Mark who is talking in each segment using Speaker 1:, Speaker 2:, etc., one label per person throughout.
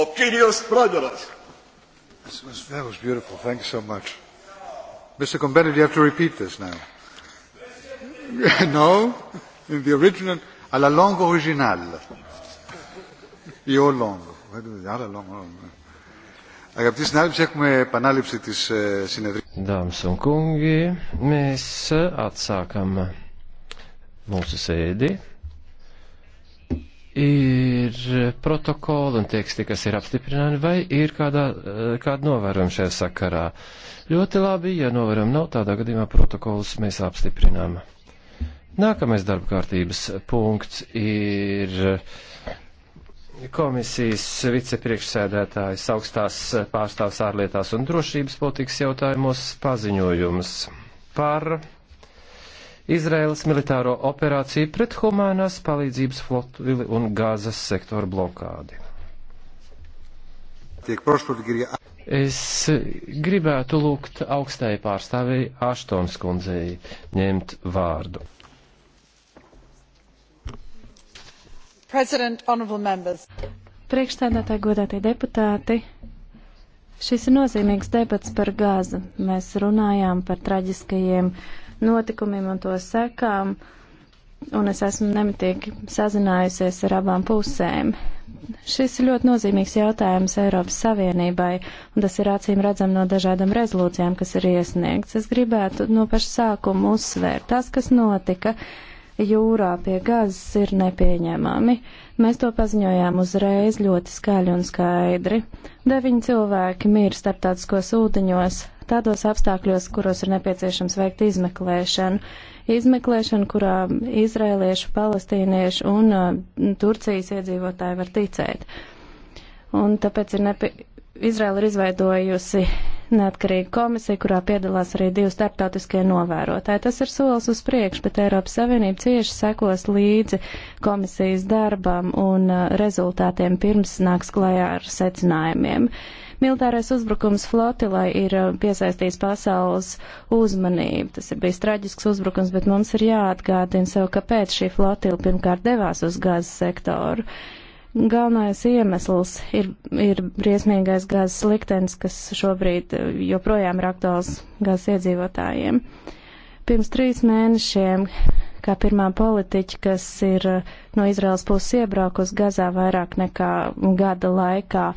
Speaker 1: ο κύριος Πρόεδρος. That was beautiful. Thank you so much. Mr. Combenet, you have to repeat this now. no, in the original, alla langue originale. Io longo. Alla longo. Αγαπητοί συνάδελφοι, έχουμε επανάληψη της συνεδρίας. Dāmas un kungi,
Speaker 2: mēs atsākam mūsu sēdi ir protokoli un teksti, kas ir apstiprināti, vai ir kādā, eh, kāda novērojuma šajā sakarā. Ļoti labi, ja novērojuma nav, tādā gadījumā protokolus mēs apstiprinām. Nākamais darba kārtības punkts ir komisijas vicepriekšsēdētājs augstās pārstāvs ārlietās un drošības politikas jautājumos paziņojums par Izraēlas militāro operāciju pret humānās palīdzības flotili un gāzes sektoru blokādi. Es gribētu lūgt augstai pārstāvēji Aštons kundzei ņemt vārdu.
Speaker 3: Priekšstādātāji, godātie deputāti, šis ir nozīmīgs debats par gāzi. Mēs runājām par traģiskajiem uh, notikumiem un to sekām, un es esmu nemitīgi sazinājusies ar abām pusēm. Šis ir ļoti nozīmīgs jautājums Eiropas Savienībai, un tas ir acīm redzam no dažādām rezolūcijām, kas ir iesniegts. Es gribētu no paša sākuma uzsvērt tas, kas notika jūrā pie gazas, ir nepieņemami. Mēs to paziņojām uzreiz ļoti skaļi un skaidri. Deviņi cilvēki mīra starptautiskos ūdeņos, tādos apstākļos, kuros ir nepieciešams veikt izmeklēšanu. Izmeklēšanu, kurā izrēliešu, palestīniešu un uh, Turcijas iedzīvotāji var ticēt. Un tāpēc ir nepie... Izraela ir izveidojusi neatkarīgu komisiju, kurā piedalās arī divi starptautiskie novērotāji. Tas ir solis uz priekšu, bet Eiropas Savienība cieši sekos līdzi komisijas darbam un uh, rezultātiem pirms nāks klajā ar secinājumiem. Uh, Militārais uzbrukums flotilai ir eh, piesaistījis pasaules uzmanību. Tas ir bijis traģisks uzbrukums, bet mums ir jāatgādina sev, kāpēc šī flotila pirmkārt devās uz gāzes sektoru. Galvenais iemesls ir, ir briesmīgais gāzes liktenis, kas šobrīd eh, joprojām ir aktuāls gāzes iedzīvotājiem. Pirms trīs mēnešiem kā pirmā politiķa, kas ir eh, no Izraels puses iebraukus Gazā vairāk nekā gada laikā.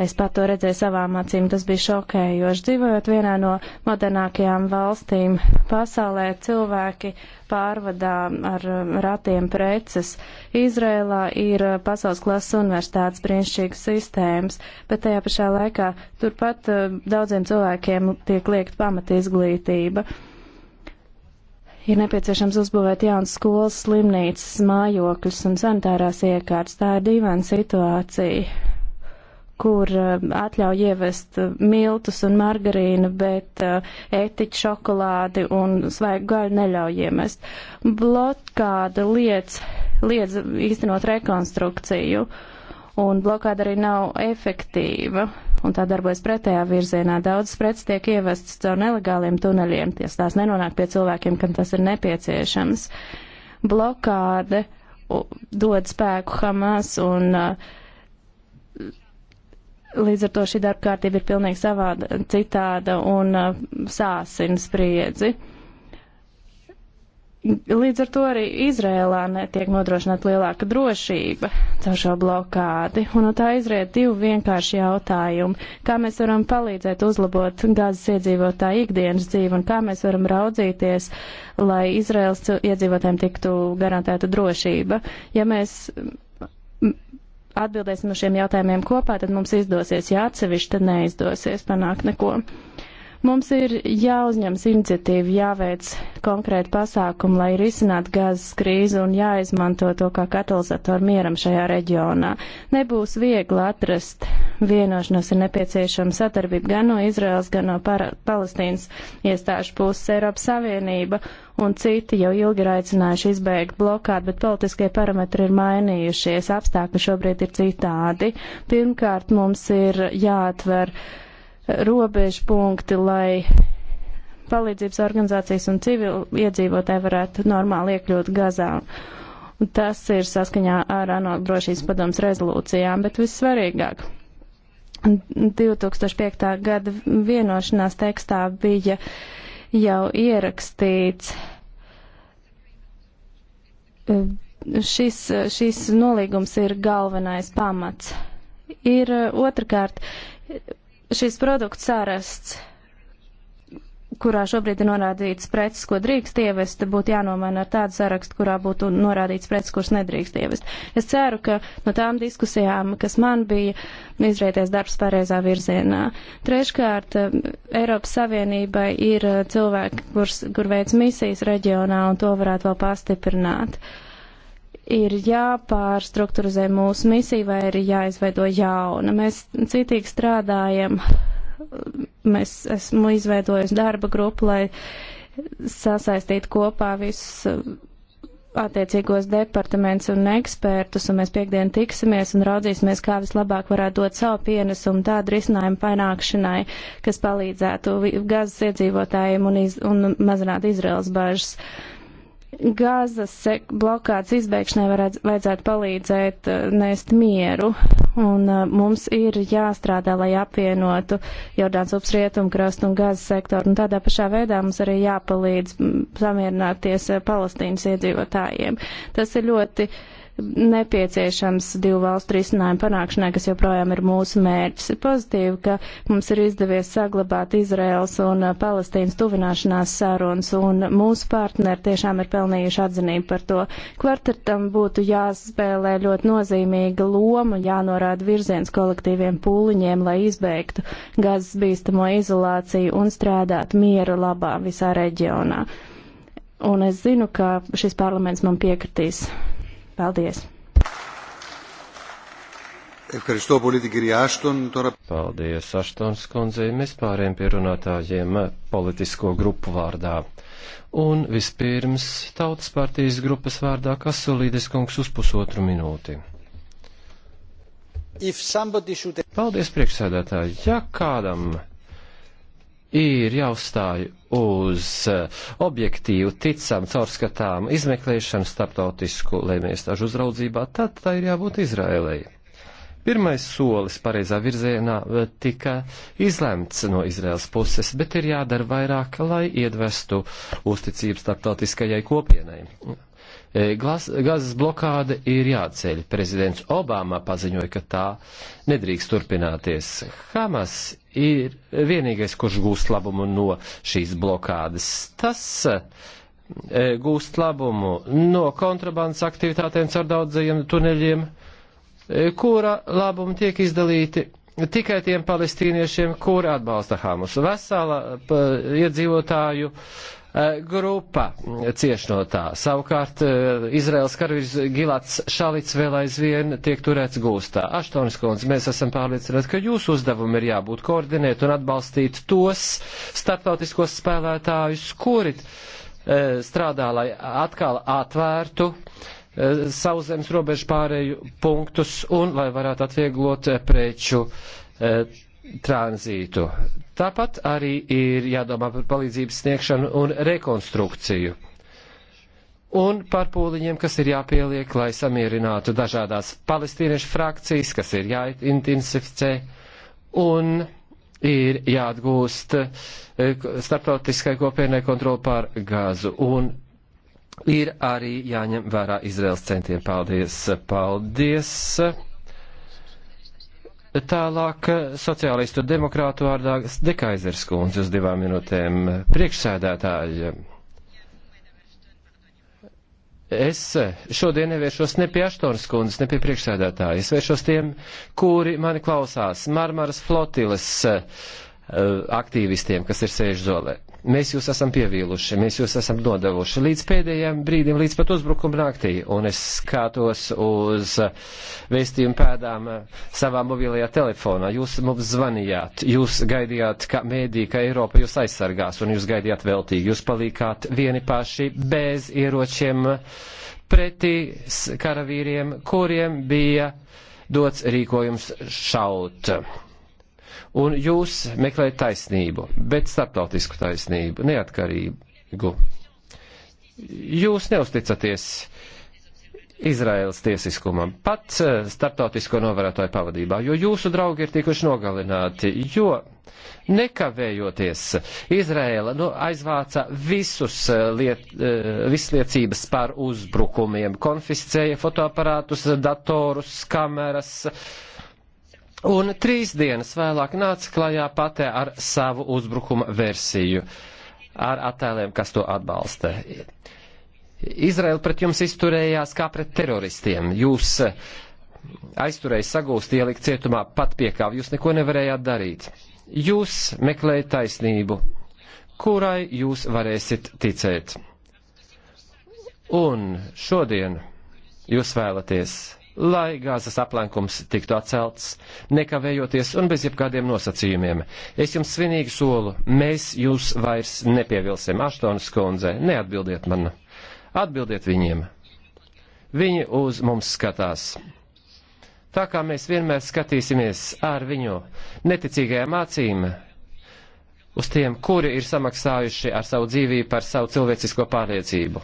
Speaker 3: Es pat to redzēju savām acīm, tas bija šokējoši. Dzīvojot vienā no modernākajām valstīm pasaulē, cilvēki pārvadā ar um, ratiem preces. Izrēlā ir uh, pasaules klases universitātes brīnišķīgas sistēmas, bet tajā pašā laikā turpat um, daudziem cilvēkiem tiek liekt pamat izglītība ir nepieciešams uzbūvēt jaunas skolas, slimnīcas, mājokļus un sanitārās iekārtas. Tā ir dīvaina situācija kur eh, atļauj ievest eh, miltus un margarīnu, bet eh, etiķu šokolādi un svaigu gaļu neļauj iemest. Blokāda liedz, liedz īstenot rekonstrukciju, un blokāda arī nav efektīva, un tā darbojas pretējā virzienā. Daudzas preces tiek ievestas caur nelegāliem tuneļiem, ties tās nenonāk pie cilvēkiem, kam tas ir nepieciešams. Blokāde dod spēku Hamas un uh, Līdz ar to šī darba kārtība ir pilnīgi savāda, citāda un uh, sāsina spriedzi. Līdz ar to arī Izrēlā netiek nodrošināta lielāka drošība caur šo blokādi, un no tā izriet divi vienkārši jautājumi. Kā mēs varam palīdzēt uzlabot gazas iedzīvotāju ikdienas dzīvi, un kā mēs varam raudzīties, lai Izrēlas iedzīvotājiem tiktu garantēta drošība? Ja mēs atbildēsim uz šiem jautājumiem kopā, tad mums izdosies, ja atsevišķi, tad neizdosies panākt neko. Mums ir jāuzņems iniciatīva, jāveic konkrēti pasākumi, lai risinātu gāzes krīzi un jāizmanto to kā katalizatoru mieram šajā reģionā. Nebūs viegli atrast vienošanos, ir nepieciešama sadarbība gan no Izraels, gan no Palestīnas iestāžu puses Eiropas Savienība un citi jau ilgi ir aicinājuši izbeigt blokādu, bet politiskie parametri ir mainījušies, apstākļi šobrīd ir citādi. Pirmkārt, mums ir jāatver robežu punkti, lai palīdzības organizācijas un civili iedzīvotāji varētu normāli iekļūt Gazā. Tas ir saskaņā ar ANO drošības padomas rezolūcijām, bet vissvarīgāk. 2005. gada vienošanās tekstā bija jau ierakstīts šis, šis nolīgums ir galvenais pamats. Ir otrkārt šīs produktu sārasts, kurā šobrīd ir norādīts preces, ko drīkst ievest, būtu jānomaina ar tādu sarakstu, kurā būtu norādīts preces, kuras nedrīkst ievest. Es ceru, ka no tām diskusijām, kas man bija, izrieties darbs pareizā virzienā. Treškārt, Eiropas Savienībai ir cilvēki, kur, kur veids misijas reģionā, un to varētu vēl pastiprināt. Uh, ir jāpārstruktūrizē mūsu misija vai ir jāizveido jauna. Mēs citīgi strādājam, mēs esmu izveidojusi darba grupu, lai sasaistītu kopā visus uh, attiecīgos departaments un ekspertus, un mēs piekdien tiksimies un raudzīsimies, kā vislabāk varētu dot savu pienesumu tādu risinājumu panākšanai, kas palīdzētu gazas iedzīvotājiem un, iz, un mazināt Izraels bažas. Uh, Gāzas blokādes izbeigšanai varētu, vajadzētu palīdzēt eh, nēst mieru, un eh, mums ir jāstrādā, lai apvienotu Jordāns ups rietumu krastu un gāzes sektoru, un tādā pašā veidā mums arī jāpalīdz samierināties eh, Palestīnas iedzīvotājiem. Tas ir ļoti uh, nepieciešams divu valstu risinājumu panākšanai, kas joprojām ir mūsu mērķis. Ir pozitīvi, ka mums ir izdevies saglabāt Izraels un uh, Palestīnas tuvināšanās sarunas, un mūsu partneri tiešām ir pelnījuši atzinību par to. Kvartetam būtu jāspēlē ļoti nozīmīga loma, jānorāda virziens kolektīviem pūliņiem, lai izbeigtu gazas bīstamo izolāciju un strādāt miera labā visā reģionā. Un es zinu, ka šis parlaments man piekritīs. Paldies!
Speaker 2: Paldies, Aštons kundze. Mēs pārējām pie runātājiem politisko grupu vārdā. Un vispirms Tautas partijas grupas vārdā Kasolīdes kungs uz pusotru minūti. Should... Paldies, priekšsēdētāji. Ja kādam ir jāuzstāj uz eh, objektīvu, ticam, caurskatām izmeklēšanu starptautisku lēmēstāžu uzraudzībā, tad tā ir jābūt Izrēlēji. Pirmais solis pareizā virzienā eh, tika izlemts no Izraels puses, bet ir jādara vairāk, lai iedvestu uzticību starptautiskajai kopienai. E, Gazas blokāde ir jāceļ. Prezidents Obama paziņoja, ka tā nedrīkst turpināties. Hamas ir vienīgais, kurš gūst labumu no šīs blokādes. Tas e, gūst labumu no kontrabandas aktivitātēm caur daudzajiem tuneļiem, e, kura labumi tiek izdalīti tikai tiem palestīniešiem, kuri atbalsta Hamas. Vesela iedzīvotāju uh, Eh, grupa cieš no tā. Savukārt eh, Izraels karavīrs Gilats Šalits vēl aizvien tiek turēts gūstā. Aštonis kundze, mēs esam pārliecināti, ka jūsu uzdevumi ir jābūt koordinēt un atbalstīt tos starptautiskos spēlētājus, kuri eh, strādā, lai atkal atvērtu sauszemes robežu pārēju punktus un lai varētu atvieglot preču tranzītu. Tāpat arī ir jādomā par palīdzības sniegšanu un rekonstrukciju. Un par pūliņiem, kas ir jāpieliek, lai samierinātu dažādās palestīniešu frakcijas, kas ir jāintensificē, un ir jāatgūst e, starptautiskai kopienai kontroli pār gāzu. Un ir arī jāņem vērā Izraels centieni. Paldies! Paldies! Tālāk eh, sociālistu demokrātu vārdā Dekaizers kundze uz divām minūtēm. Priekšsēdētāji, es šodien nevēršos ne pie Aštonas kundzes, ne pie priekšsēdētāja. Es vēršos tiem, kuri mani klausās, Marmaras flotiles eh, aktīvistiem, kas ir sēžzolē. Mēs jūs esam pievīluši, mēs jūs esam nodevuši līdz pēdējiem brīdim, līdz pat uzbrukuma naktī. Un es skatos uz vēstījumu pēdām eh, savā mobilajā telefonā. Jūs mums zvanījāt, jūs gaidījāt, ka mēdī, ka Eiropa jūs aizsargās, un jūs gaidījāt veltīgi. Jūs palikāt vieni paši bez ieročiem pretī karavīriem, kuriem bija dots rīkojums šaut. Un jūs meklējat taisnību, bet starptautisku taisnību, neatkarību. Jūs neusticaties Izraēlas tiesiskumam, pat eh, starptautisko novērotāju pavadībā, jo jūsu draugi ir tikuši nogalināti, jo nekavējoties Izraēla nu, aizvāca visus eh, liet, eh, visliecības par uzbrukumiem, konfiscēja fotoaparātus, datorus, kameras, uh, Un trīs dienas vēlāk nāca klajā patē ar savu uzbrukuma versiju, ar attēliem, kas to atbalsta. Izraela pret jums izturējās kā pret teroristiem. Jūs eh, aizturēja sagūst, ielikt cietumā, pat piekāvi, jūs neko nevarējāt darīt. Jūs meklējat taisnību, kurai jūs varēsiet ticēt. Un šodien jūs vēlaties lai gāzes aplenkums tiktu atcelts, nekavējoties un bez jebkādiem nosacījumiem. Es jums svinīgi solu, mēs jūs vairs nepievilsim, Aštonas kundze, neatbildiet man. Atbildiet viņiem. Viņi uz mums skatās. Tā kā mēs vienmēr skatīsimies ar viņu neticīgajām acīm, uz tiem, kuri ir samaksājuši ar savu dzīvību par savu cilvēcisko pārliecību.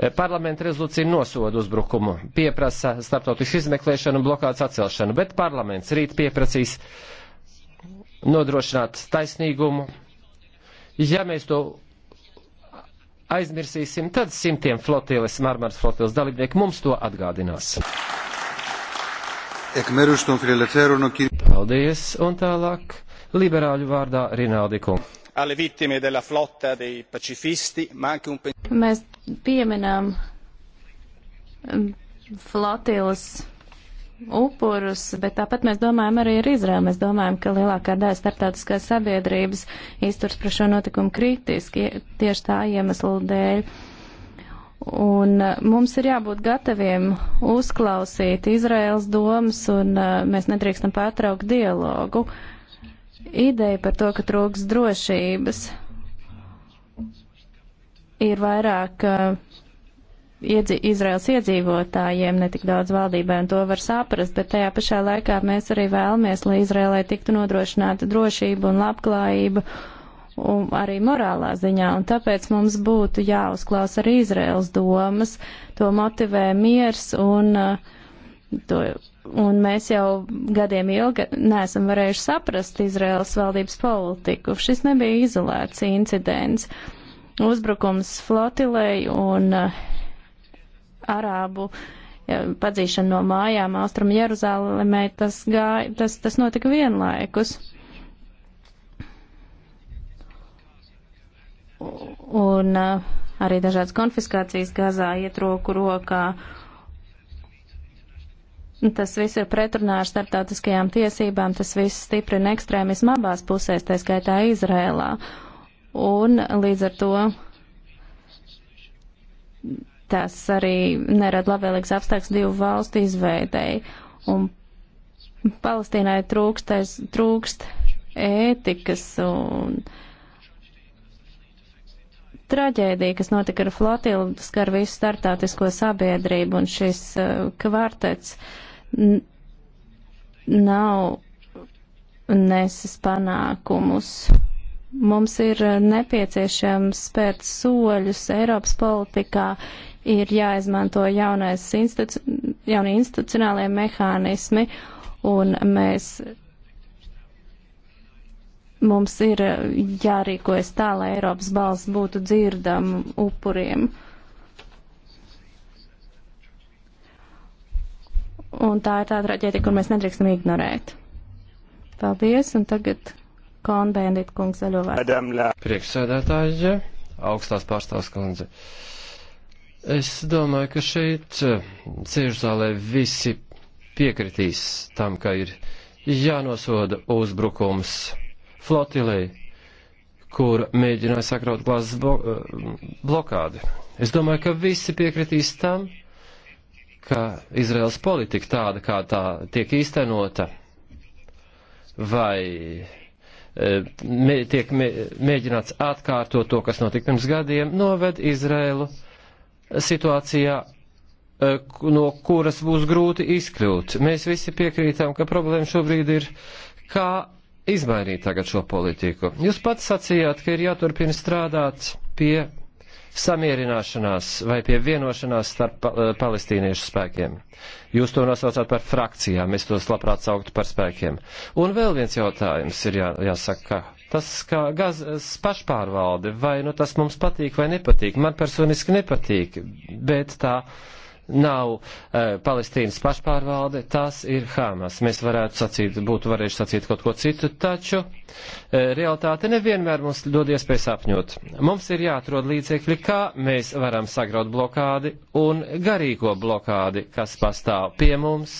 Speaker 2: Eh, Parlamenta rezolūcija nosoda uzbrukumu, pieprasa starptautisku izmeklēšanu un blokādes atcelšanu, bet parlaments rīt pieprasīs nodrošināt taisnīgumu. Ja mēs to aizmirsīsim, tad simtiem flotīles, Marmaras flotīles dalībnieku mums to atgādinās. Paldies, un tālāk liberāļu vārdā Rinaldi Kungs.
Speaker 3: Mēs pieminam um, flotīlas upurus, bet tāpat mēs domājam arī ar Izraelu. Mēs domājam, ka lielākā daļa starptautiskās sabiedrības izturs par šo notikumu kritiski tieši tā iemesla dēļ. Un uh, mums ir jābūt gataviem uzklausīt Izraels domas, un uh, mēs nedrīkstam pārtraukt dialogu. Ideja par to, ka trūks drošības, ir vairāk eh, iedzi, Izraels iedzīvotājiem, ne tik daudz valdībai, un to var saprast, bet tajā pašā laikā mēs arī vēlamies, lai Izraelai tiktu nodrošināta drošība un labklājība, un arī morālā ziņā, un tāpēc mums būtu jāuzklausa arī Izraels domas, to motivē miers, un, eh, to, un mēs jau gadiem ilgi neesam varējuši saprast Izraels valdības politiku. Šis nebija izolēts incidents. Uh, uzbrukums flotilei un eh, arābu padzīšana no mājām Austrum Jeruzālēmē, tas, gāja, tas, tas notika vienlaikus. Un eh, arī dažādas konfiskācijas gazā iet roku rokā. Tas viss ir pretrunā ar starptautiskajām tiesībām, tas viss stiprina ekstrēmismu abās pusēs, tā skaitā Izrēlā. Uh, un līdz ar to tas arī nerada labvēlīgs apstākļus divu valstu izveidēji. Un Palestīnai trūkstais, trūkst ētikas un traģēdija, kas notika ar flotilu, skar visu startautisko sabiedrību, un šis uh, kvartets nav nesis panākumus. Mums ir eh, nepieciešams spērt soļus Eiropas politikā, ir jāizmanto jaunais institu, jaunie institucionālie mehānismi, un mēs, mums ir eh, jārīkojas tā, lai Eiropas balss būtu dzirdam upuriem. Un tā ir tā traģēdija, kur mēs nedrīkstam ignorēt. Paldies, un tagad Konbendit kungs zaļo
Speaker 2: vārdu. Priekšsēdētāji, augstās pārstāvs kundze. Es domāju, ka šeit eh, ciežzālē visi piekritīs tam, ka ir jānosoda uzbrukums flotilei, kur mēģināja sakraut glāzes eh, blokādi. Es domāju, ka visi piekritīs tam, ka Izraels politika tāda, kā tā tiek īstenota, vai Eh, mē, tiek mē, mēģināts atkārtot to, kas notika pirms gadiem, noved Izrēlu situācijā, eh, no kuras būs grūti izkļūt. Mēs visi piekrītam, ka problēma šobrīd ir, kā izmainīt tagad šo politiku. Jūs pats sacījāt, ka ir jāturpina strādāt pie samierināšanās vai pie vienošanās starp eh, palestīniešu spēkiem. Jūs to nosaucāt par frakcijām, es tos labprāt sauktu par spēkiem. Un vēl viens jautājums ir jā, jāsaka, tas kā gazas pašpārvalde, vai nu tas mums patīk vai nepatīk. Man personiski nepatīk, bet tā nav uh, Palestīnas pašpārvalde, tas ir Hamas. Mēs varētu sacīt, būtu varējuši sacīt kaut ko citu, taču uh, realitāte nevienmēr mums dod iespēju sapņot. Mums ir jāatrod līdzekļi, kā mēs varam sagraut blokādi un garīgo blokādi, kas pastāv pie mums,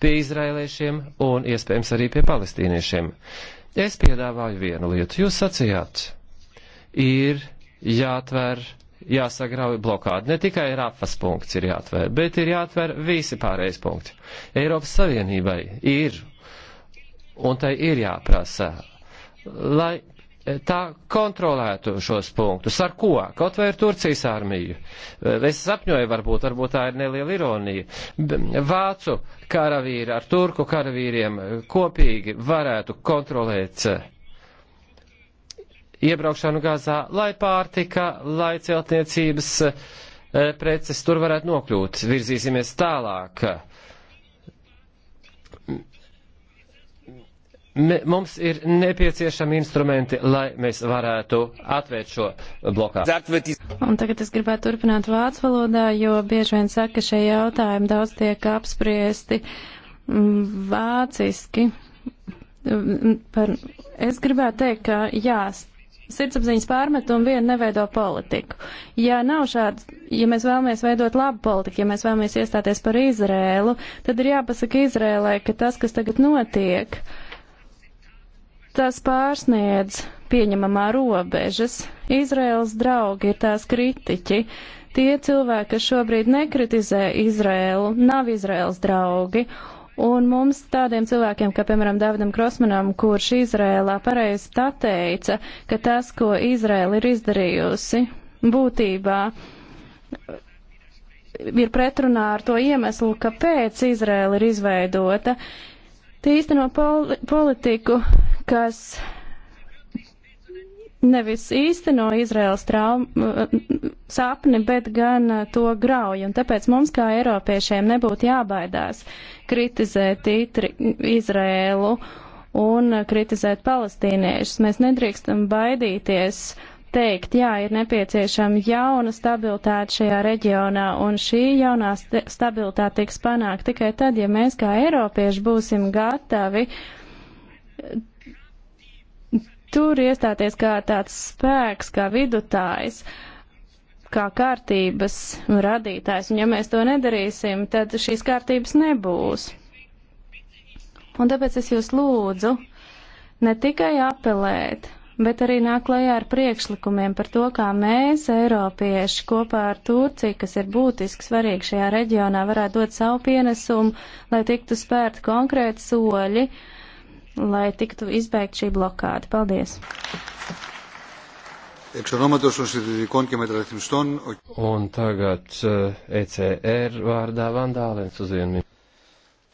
Speaker 2: pie izrēliešiem un iespējams arī pie palestīniešiem. Es piedāvāju vienu lietu. Jūs sacījāt, ir jāatver jāsagrauj blokādi. Ne tikai rafas punkts ir jāatver, bet ir jāatver visi pārējais punkti. Eiropas Savienībai ir, un tai ir jāprasa, lai eh, tā kontrolētu šos punktus. Ar ko? Kaut vai ar Turcijas armiju. Eh, es sapņoju, varbūt, varbūt tā ir neliela ironija. Vācu karavīri ar turku karavīriem eh, kopīgi varētu kontrolēt iebraukšanu Gazā, lai pārtika, lai celtniecības eh, preces tur varētu nokļūt. Virzīsimies tālāk. Mums ir nepieciešami instrumenti, lai mēs varētu atvērt šo blokā.
Speaker 3: Un tagad es gribētu turpināt vācu valodā, jo bieži vien saka, ka šie jautājumi daudz tiek apspriesti mm, vāciski. Mm, par, es gribētu teikt, ka jā, sirdsapziņas pārmetumu vien neveido politiku. Ja nav šāds, ja mēs vēlamies veidot labu politiku, ja mēs vēlamies iestāties par Izrēlu, tad ir jāpasaka Izrēlai, ka tas, kas tagad notiek, tas pārsniedz pieņemamā robežas. Izrēlas draugi ir tās kritiķi. Tie cilvēki, kas šobrīd nekritizē Izrēlu, nav Izrēlas draugi, Un mums tādiem cilvēkiem, kā piemēram Davidam Krosmanam, kurš Izrēlā pareizi pateica, ka tas, ko Izrēla ir izdarījusi, būtībā ir pretrunā ar to iemeslu, kāpēc Izrēla ir izveidota. Tie īsteno pol politiku, kas nevis īsteno Izraels traumu, sapni, bet gan eh, to grauju. Un tāpēc mums, kā Eiropiešiem, nebūtu jābaidās kritizēt itri, Izrēlu un eh, kritizēt palestīniešus. Mēs nedrīkstam baidīties teikt, jā, ir nepieciešama jauna stabilitāte šajā reģionā, un šī jaunā st stabilitāte tiks panākt tikai tad, ja mēs kā Eiropieši būsim gatavi tur iestāties kā tāds spēks, kā vidutājs, kā kārtības radītājs. Un ja mēs to nedarīsim, tad šīs kārtības nebūs. Un tāpēc es jūs lūdzu ne tikai apelēt, bet arī nāk klajā ar priekšlikumiem par to, kā mēs, Eiropieši, kopā ar Turciju, kas ir būtiski svarīgi šajā reģionā, varētu dot savu pienesumu, lai tiktu spērti konkrēti soļi, uh, lai tiktu izbeigt šī blokāda. Paldies!
Speaker 1: Un tagad ECR eh, e vārdā Vandālens uz vienu minūti.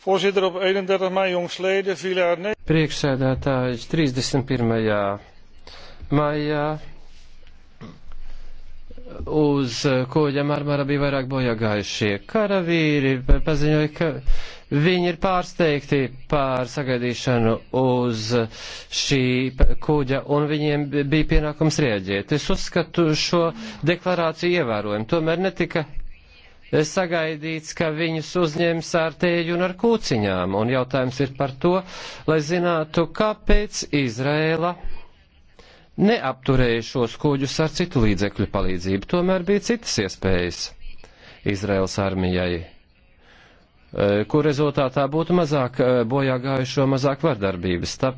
Speaker 1: Voorzitter, op 31 mei jongstleden viel er...
Speaker 2: Priekšsēdētājs 31. maijā uz eh, koļa marmara bija vairāk bojāgājušie karavīri, paziņoja, ka Viņi ir pārsteigti pār sagaidīšanu uz šī kuģa, un viņiem bija pienākums rieģēt. Es uzskatu šo deklarāciju ievērojumu. Tomēr netika sagaidīts, ka viņus uzņems ar tēju un ar kūciņām. Un jautājums ir par to, lai zinātu, kāpēc Izrēla neapturēja šos kuģus ar citu līdzekļu palīdzību. Tomēr bija citas iespējas Izraels armijai Eh, kur rezultātā būtu mazāk eh, bojā gājušo, mazāk vardarbības. Tā,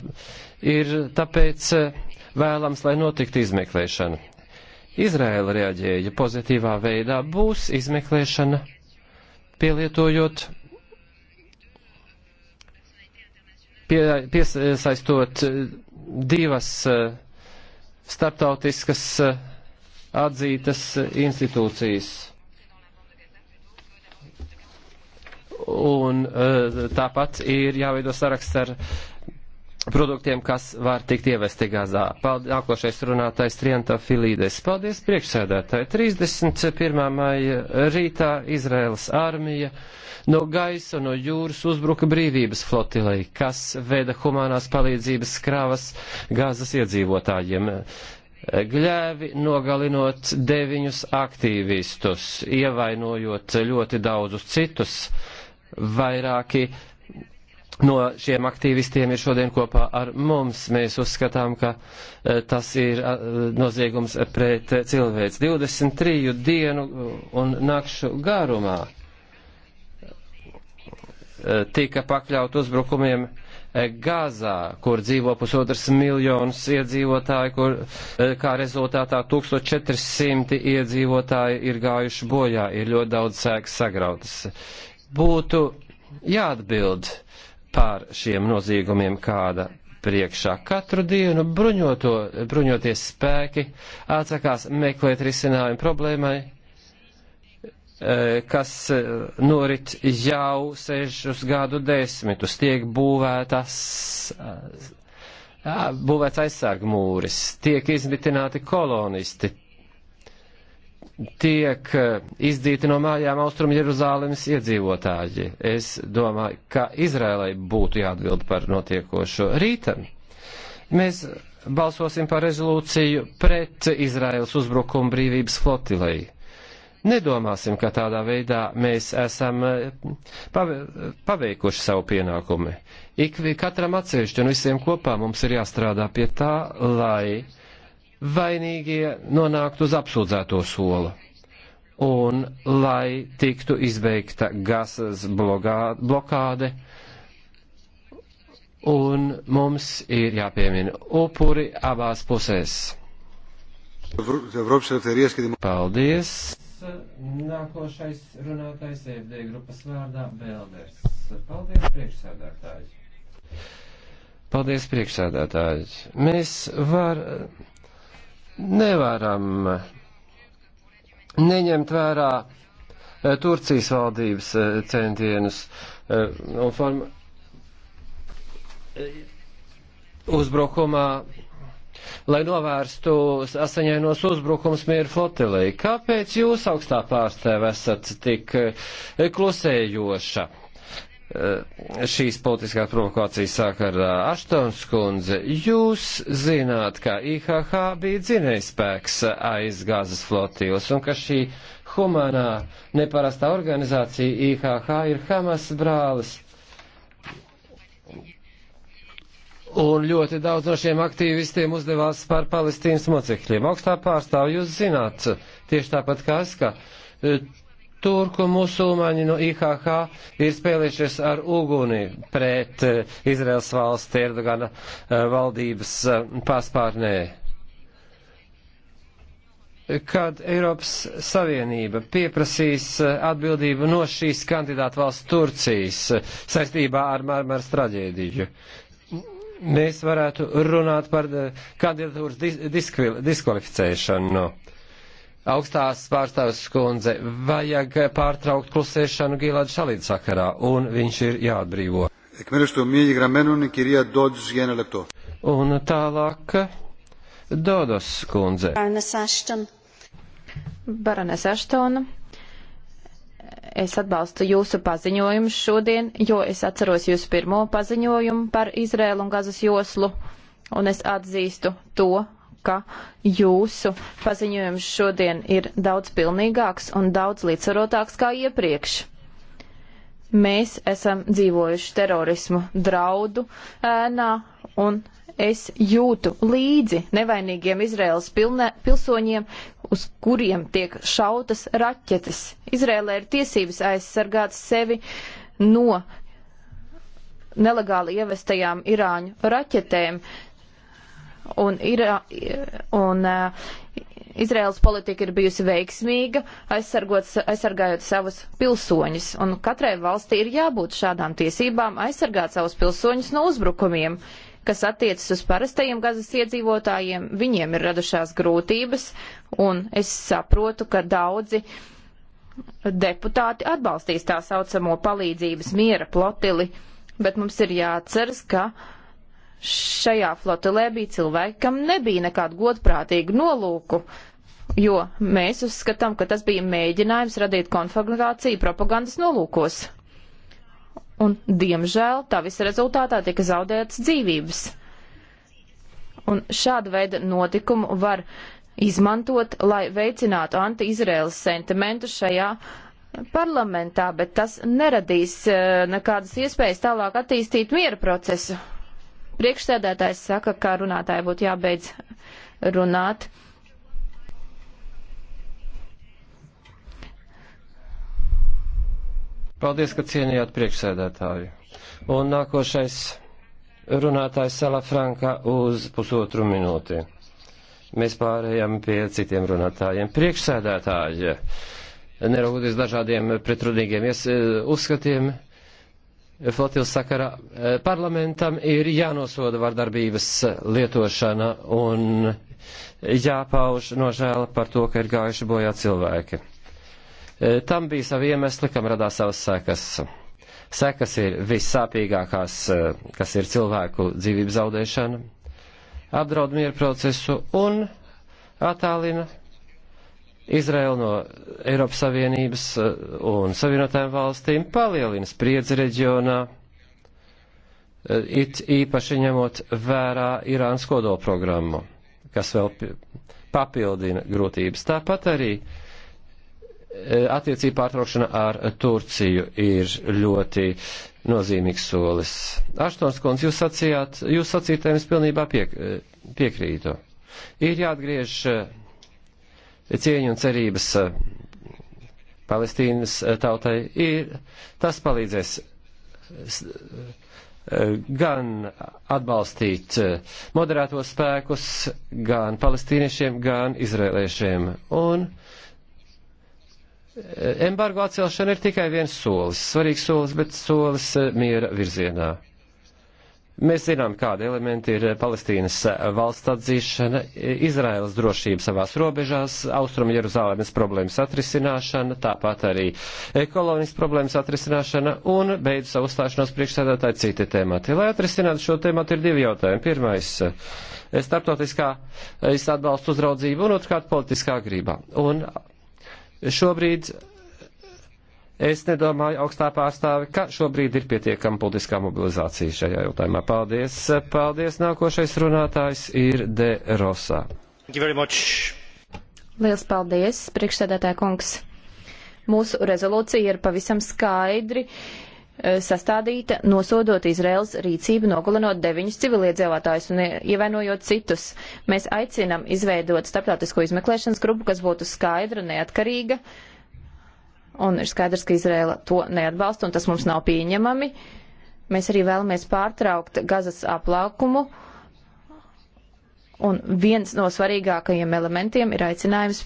Speaker 2: ir tāpēc eh, vēlams, lai notiktu izmeklēšana. Izraela reaģēja pozitīvā veidā, būs izmeklēšana, pielietojot, pie, piesaistot divas starptautiskas atzītas institūcijas. un eh, tāpat ir jāveido saraksts ar produktiem, kas var tikt ievesti Gazā. Paldies, nākošais runātājs Trienta Filīdes. Paldies, priekšsēdētāji. 31. maija rītā Izraels armija no gaisa, no jūras uzbruka brīvības flotilei, kas veda humanās palīdzības skravas Gazas iedzīvotājiem. Gļēvi nogalinot deviņus aktīvistus, ievainojot ļoti daudzus citus vairāki no šiem aktīvistiem ir šodien kopā ar mums. Mēs uzskatām, ka eh, tas ir eh, noziegums pret cilvēks. 23 dienu eh, un nakšu garumā tika pakļaut uzbrukumiem Gazā, kur dzīvo pusotras miljonus iedzīvotāju, kur kā rezultātā 1400 iedzīvotāji ir gājuši bojā, ir ļoti daudz sēks sagrautas būtu jāatbild par šiem noziegumiem, kāda priekšā katru dienu bruņoto, bruņoties spēki atsakās meklēt risinājumu problēmai, e, kas e, norit jau sešus gadu desmitus, tiek būvētas, e, būvēts aizsargmūris, tiek izmitināti kolonisti, tiek eh, izdīti no mājām austrumu Jeruzālēmas iedzīvotāji. Es domāju, ka Izrēlai būtu jāatbild par notiekošo rītam. Mēs balsosim par rezolūciju pret Izraels uzbrukumu brīvības flotilei. Nedomāsim, ka tādā veidā mēs esam eh, paveikuši savu pienākumu. Ik katram atsevišķi un visiem kopā mums ir jāstrādā pie tā, lai vainīgie nonāktu uz apsūdzēto soli. Un lai tiktu izbeigta gazas blokāde, un mums ir jāpiemina upuri abās pusēs. Paldies! Nākošais runātājs EFD grupas vārdā Belders. Paldies, priekšsēdētājs! Paldies, priekšsēdētājs! Mēs var nevaram neņemt vērā eh, Turcijas valdības eh, centienus eh, un forma uzbrukumā, lai novērstu asaņainos uzbrukums mieru flotilei. Kāpēc jūs augstā pārstāve esat tik klusējoša? Eh, šīs politiskās provokācijas sāk ar eh, Aštons kundze. Jūs zināt, ka IHH bija dzinējspēks eh, aiz gāzes flotīlas un ka šī humanā neparastā organizācija IHH ir Hamas brālis. Un ļoti daudz no šiem aktīvistiem uzdevās par Palestīnas mocekļiem. Augstā pārstāv jūs zināt, tieši tāpat kā es, ka turku musulmaņi no IHH ir spēlējušies ar uguni pret eh, Izraels valsts Erdogana eh, valdības eh, paspārnē. Kad Eiropas Savienība pieprasīs atbildību no šīs kandidāta valsts Turcijas saistībā ar Marmaras traģēdiju, mēs varētu runāt par kandidatūras diskvalificēšanu. No augstās pārstāvis skundze, vajag pārtraukt klusēšanu Gīlāda Šalīda sakarā, un viņš ir jāatbrīvo. Un tālāk Dodos skundze.
Speaker 4: Baranes Aštona, es atbalstu jūsu paziņojumu šodien, jo es atceros jūsu pirmo paziņojumu par Izrēlu un Gazas joslu, un es atzīstu to, ka jūsu paziņojums šodien ir daudz pilnīgāks un daudz līdzsvarotāks kā iepriekš. Mēs esam dzīvojuši terorismu draudu ēnā un es jūtu līdzi nevainīgiem Izraels pilne, pilsoņiem, uz kuriem tiek šautas raķetes. Izrēlē ir tiesības aizsargāt sevi no nelegāli ievestajām Irāņu raķetēm un, ir, un uh, Izraels politika ir bijusi veiksmīga, aizsargājot savus pilsoņus, un katrai valstī ir jābūt šādām tiesībām aizsargāt savus pilsoņus no uzbrukumiem. Kas attiecas uz parastajiem gazas iedzīvotājiem, viņiem ir radušās grūtības, un es saprotu, ka daudzi deputāti atbalstīs tā saucamo palīdzības miera plotili, bet mums ir jāatceras, ka uh, šajā flotilē bija cilvēki, kam nebija nekādu godprātīgu nolūku, jo mēs uzskatām, ka tas bija mēģinājums radīt konfrontāciju propagandas nolūkos. Un, diemžēl, tā visa rezultātā tika zaudētas dzīvības. Un šāda veida notikumu var izmantot, lai veicinātu anti-Izraēlas sentimentu šajā parlamentā, bet tas neradīs eh, nekādas iespējas tālāk attīstīt miera procesu. Priekšsēdētājs saka, ka runātāji būtu jābeidz runāt.
Speaker 2: Paldies, ka cienījāt priekšsēdētāju. Un nākošais runātājs Sala Franka uz pusotru minūti. Mēs pārējām pie citiem runātājiem. Priekšsēdētāji, neraugoties dažādiem pretrunīgiem uzskatiem, flotils sakarā eh, parlamentam ir jānosoda vardarbības eh, lietošana un jāpauž nožēla par to, ka ir gājuši bojā cilvēki. Eh, tam bija savi iemesli, kam radās savas sekas. Sekas ir vissāpīgākās, kas ir cilvēku dzīvības zaudēšana, apdraud mieru procesu un attālina Izraela no Eiropas Savienības eh, un Savienotēm valstīm palielina spriedzi reģionā, eh, it īpaši ņemot vērā Irānas kodolprogrammu, kas vēl papildina grūtības. Tāpat arī eh, attiecību pārtraukšana ar Turciju ir ļoti nozīmīgs solis. Aštons kundze, jūs sacījāt, jūs sacītājiem es pilnībā piek, piekrītu. Ir jāatgriež cieņa un cerības eh, Palestīnas eh, tautai ir, tas palīdzēs eh, gan atbalstīt moderētos spēkus, gan palestīniešiem, gan izrēliešiem. Un embargo atcelšana ir tikai viens solis, svarīgs solis, bet solis miera virzienā. Mēs zinām, kādi elementi ir Palestīnas valsts atzīšana, Izraēlas drošība savās robežās, Austrum Jeruzālēmas problēmas atrisināšana, tāpat arī kolonijas problēmas atrisināšana un beidz savu stāšanos priekšsēdētāji citi temati. Lai atrisinātu šo tematu ir divi jautājumi. Pirmais eh, - starptautiskā eh, atbalsta uzraudzība un otrkārt politiskā grība. Un šobrīd Es nedomāju, augstā pārstāve, ka šobrīd ir pietiekama politiskā mobilizācija šajā jautājumā. Paldies, paldies. Nākošais runātājs ir De Rosā.
Speaker 4: Liels paldies, priekšsēdētāja kungs. Mūsu rezolūcija ir pavisam skaidri eh, sastādīta, nosodot Izraels rīcību, nogalinot deviņus civiliedzīvotājus un ievainojot citus. Mēs aicinam izveidot starptautisko izmeklēšanas grupu, kas būtu skaidra, neatkarīga, uh, un ir skaidrs, ka Izrēla to neatbalsta, un tas mums nav pieņemami. Mēs arī vēlamies pārtraukt gazas aplākumu, un viens no svarīgākajiem elementiem ir aicinājums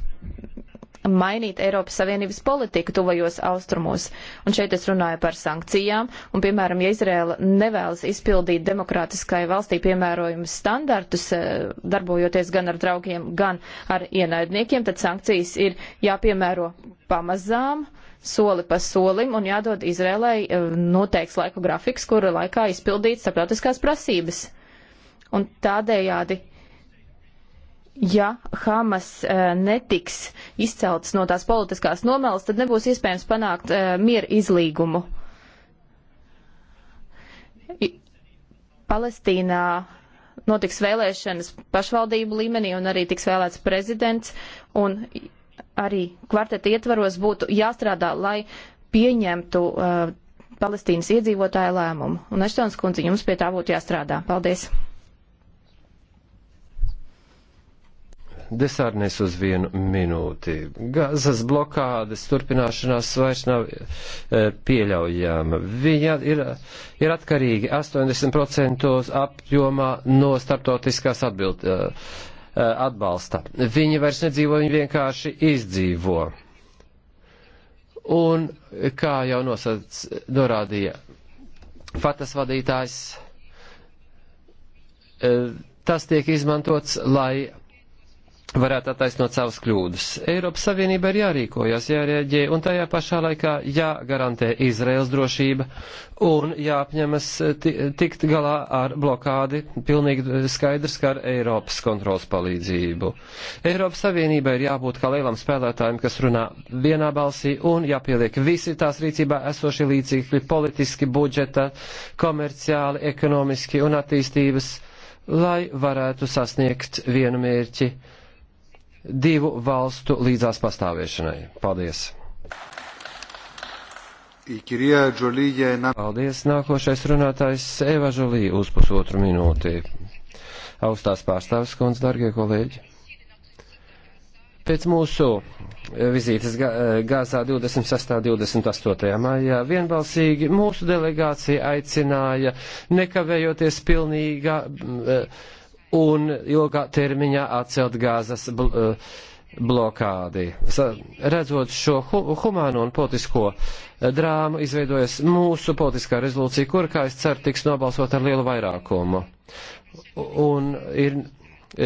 Speaker 4: mainīt Eiropas Savienības politiku tuvajos austrumos. Un šeit es runāju par sankcijām, un, piemēram, ja Izrēla nevēlas izpildīt demokrātiskai valstī piemērojumus standartus, eh, darbojoties gan ar draugiem, gan ar ienaidniekiem, tad sankcijas ir jāpiemēro pamazām. Uh, soli pa solim un jādod Izrēlai e, noteikts laiku grafiks, kura laikā izpildīt starptautiskās prasības. Un tādējādi, ja Hamas e, netiks izceltas no tās politiskās nomēles, tad nebūs iespējams panākt e, mieru izlīgumu. Palestīnā notiks vēlēšanas pašvaldību līmenī un arī tiks vēlēts prezidents. Un arī kvarteta ietvaros būtu jāstrādā, lai pieņemtu uh, Palestīnas iedzīvotāju lēmumu. Un Eštons kundze, jums pie tā būtu jāstrādā. Paldies!
Speaker 2: Desārnēs uz vienu minūti. Gazas blokādes turpināšanās vairs nav e, pieļaujama. Viņa ir, ir atkarīga 80% apjomā no starptautiskās atbild, e, Uh, atbalsta. Viņi vairs nedzīvo, viņi vienkārši izdzīvo. Un, kā jau nosac, norādīja Fatas vadītājs, uh, tas tiek izmantots, lai varētu attaisnot savas kļūdas. Eiropas Savienība ir jārīkojas, jārēģē un tajā pašā laikā jāgarantē Izraels drošība un jāapņemas tikt galā ar blokādi pilnīgi skaidrs, ka ar Eiropas kontrols palīdzību. Eiropas Savienība ir jābūt kā lielam spēlētājiem, kas runā vienā balsī un jāpieliek visi tās rīcībā esošie līdzīgi politiski, budžeta, komerciāli, ekonomiski un attīstības, lai varētu sasniegt vienu mērķi divu valstu līdzās pastāvēšanai. Paldies! Paldies! Nākošais runātājs Eva Žolī uz pusotru minūti. Augstās pārstāvis kundze, dargie kolēģi! Pēc mūsu vizītes Gāzā 26. un 28. maijā vienbalsīgi mūsu delegācija aicināja nekavējoties pilnīgā un ilgā termiņā atcelt gāzes bl eh, blokādi. Redzot šo hu humāno un politisko eh, drāmu, izveidojas mūsu politiskā rezolūcija, kur, kā es ceru, tiks nobalsot ar lielu vairākumu. Un ir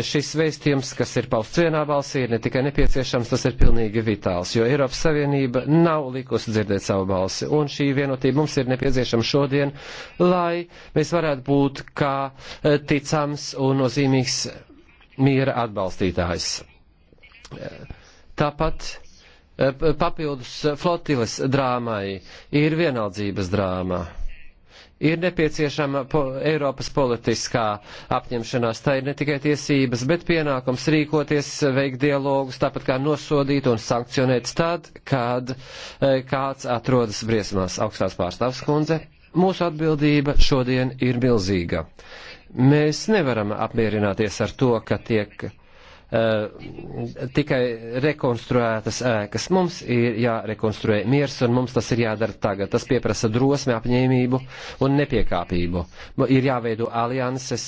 Speaker 2: šis vēstījums, kas ir pausts vienā balsī, ir ne tikai nepieciešams, tas ir pilnīgi vitāls, jo Eiropas Savienība nav likusi dzirdēt savu balsi, un šī vienotība mums ir nepieciešama šodien, lai mēs varētu būt kā e, ticams un nozīmīgs miera atbalstītājs. E, tāpat e, papildus flotiles drāmai ir vienaldzības drāmai ir nepieciešama po Eiropas politiskā apņemšanās. Tā ir ne tikai tiesības, bet pienākums rīkoties, veikt dialogus, tāpat kā nosodīt un sankcionēt tad, kad e, kāds atrodas briesmās. Augstās pārstāvs kundze, mūsu atbildība šodien ir milzīga. Mēs nevaram apmierināties ar to, ka tiek Eh, tikai rekonstruētas ēkas. Mums ir jārekonstruē miers, un mums tas ir jādara tagad. Tas pieprasa drosmi, apņēmību un nepiekāpību. Ir jāveido alianses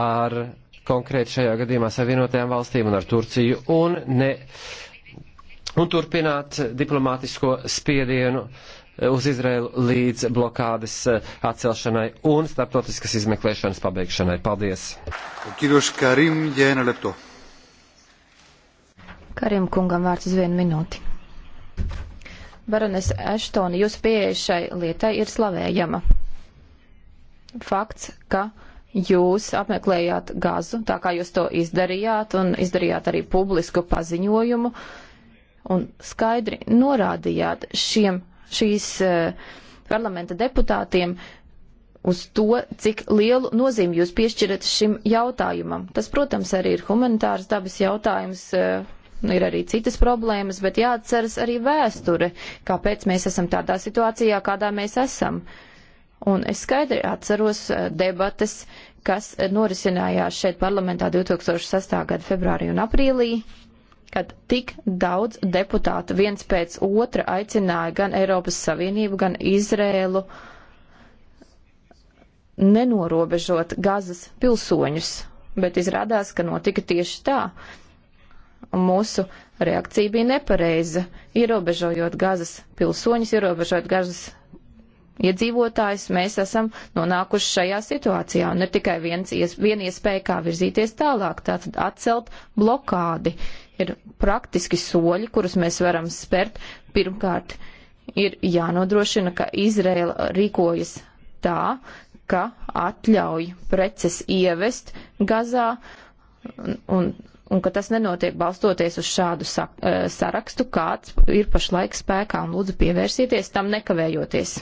Speaker 2: ar konkrēti šajā gadījumā savienotajām valstīm un ar Turciju, un, ne, un turpināt diplomātisko spiedienu uh, uz Izraēlu līdz blokādes eh, atcelšanai un starptautiskas izmeklēšanas pabeigšanai. Paldies!
Speaker 1: Karim,
Speaker 4: Karim kungam vārds uz vienu minūti. Baronis Eštoni, jūsu pieeja šai lietai ir slavējama. Fakts, ka jūs apmeklējāt gazu, tā kā jūs to izdarījāt, un izdarījāt arī publisku paziņojumu, un skaidri norādījāt šiem šīs e, parlamenta deputātiem uz to, cik lielu nozīmi jūs piešķirat šim jautājumam. Tas, protams, arī ir humanitārs dabas jautājums, e, ir arī citas problēmas, bet jāatceras arī vēsture, kāpēc mēs esam tādā situācijā, kādā mēs esam. Un es skaidri atceros e, debates, kas norisinājās šeit parlamentā 2006. gada februārī un aprīlī, kad tik daudz deputātu viens pēc otra aicināja gan Eiropas Savienību, gan Izrēlu nenorobežot gazas pilsoņus, bet izrādās, ka notika tieši tā. Mūsu reakcija bija nepareiza, ierobežojot gazas pilsoņus, ierobežojot gazas iedzīvotājus, mēs esam nonākuši šajā situācijā. Un ir tikai viens, viena iespēja, kā virzīties tālāk, tātad atcelt blokādi. Uh, ir praktiski soļi, kurus mēs varam spērt. Pirmkārt, ir jānodrošina, ka Izraela rīkojas tā, ka atļauj preces ievest Gazā un, un ka tas nenotiek balstoties uz šādu sak, e, sarakstu, kāds ir pašlaik spēkā un lūdzu pievērsieties tam nekavējoties.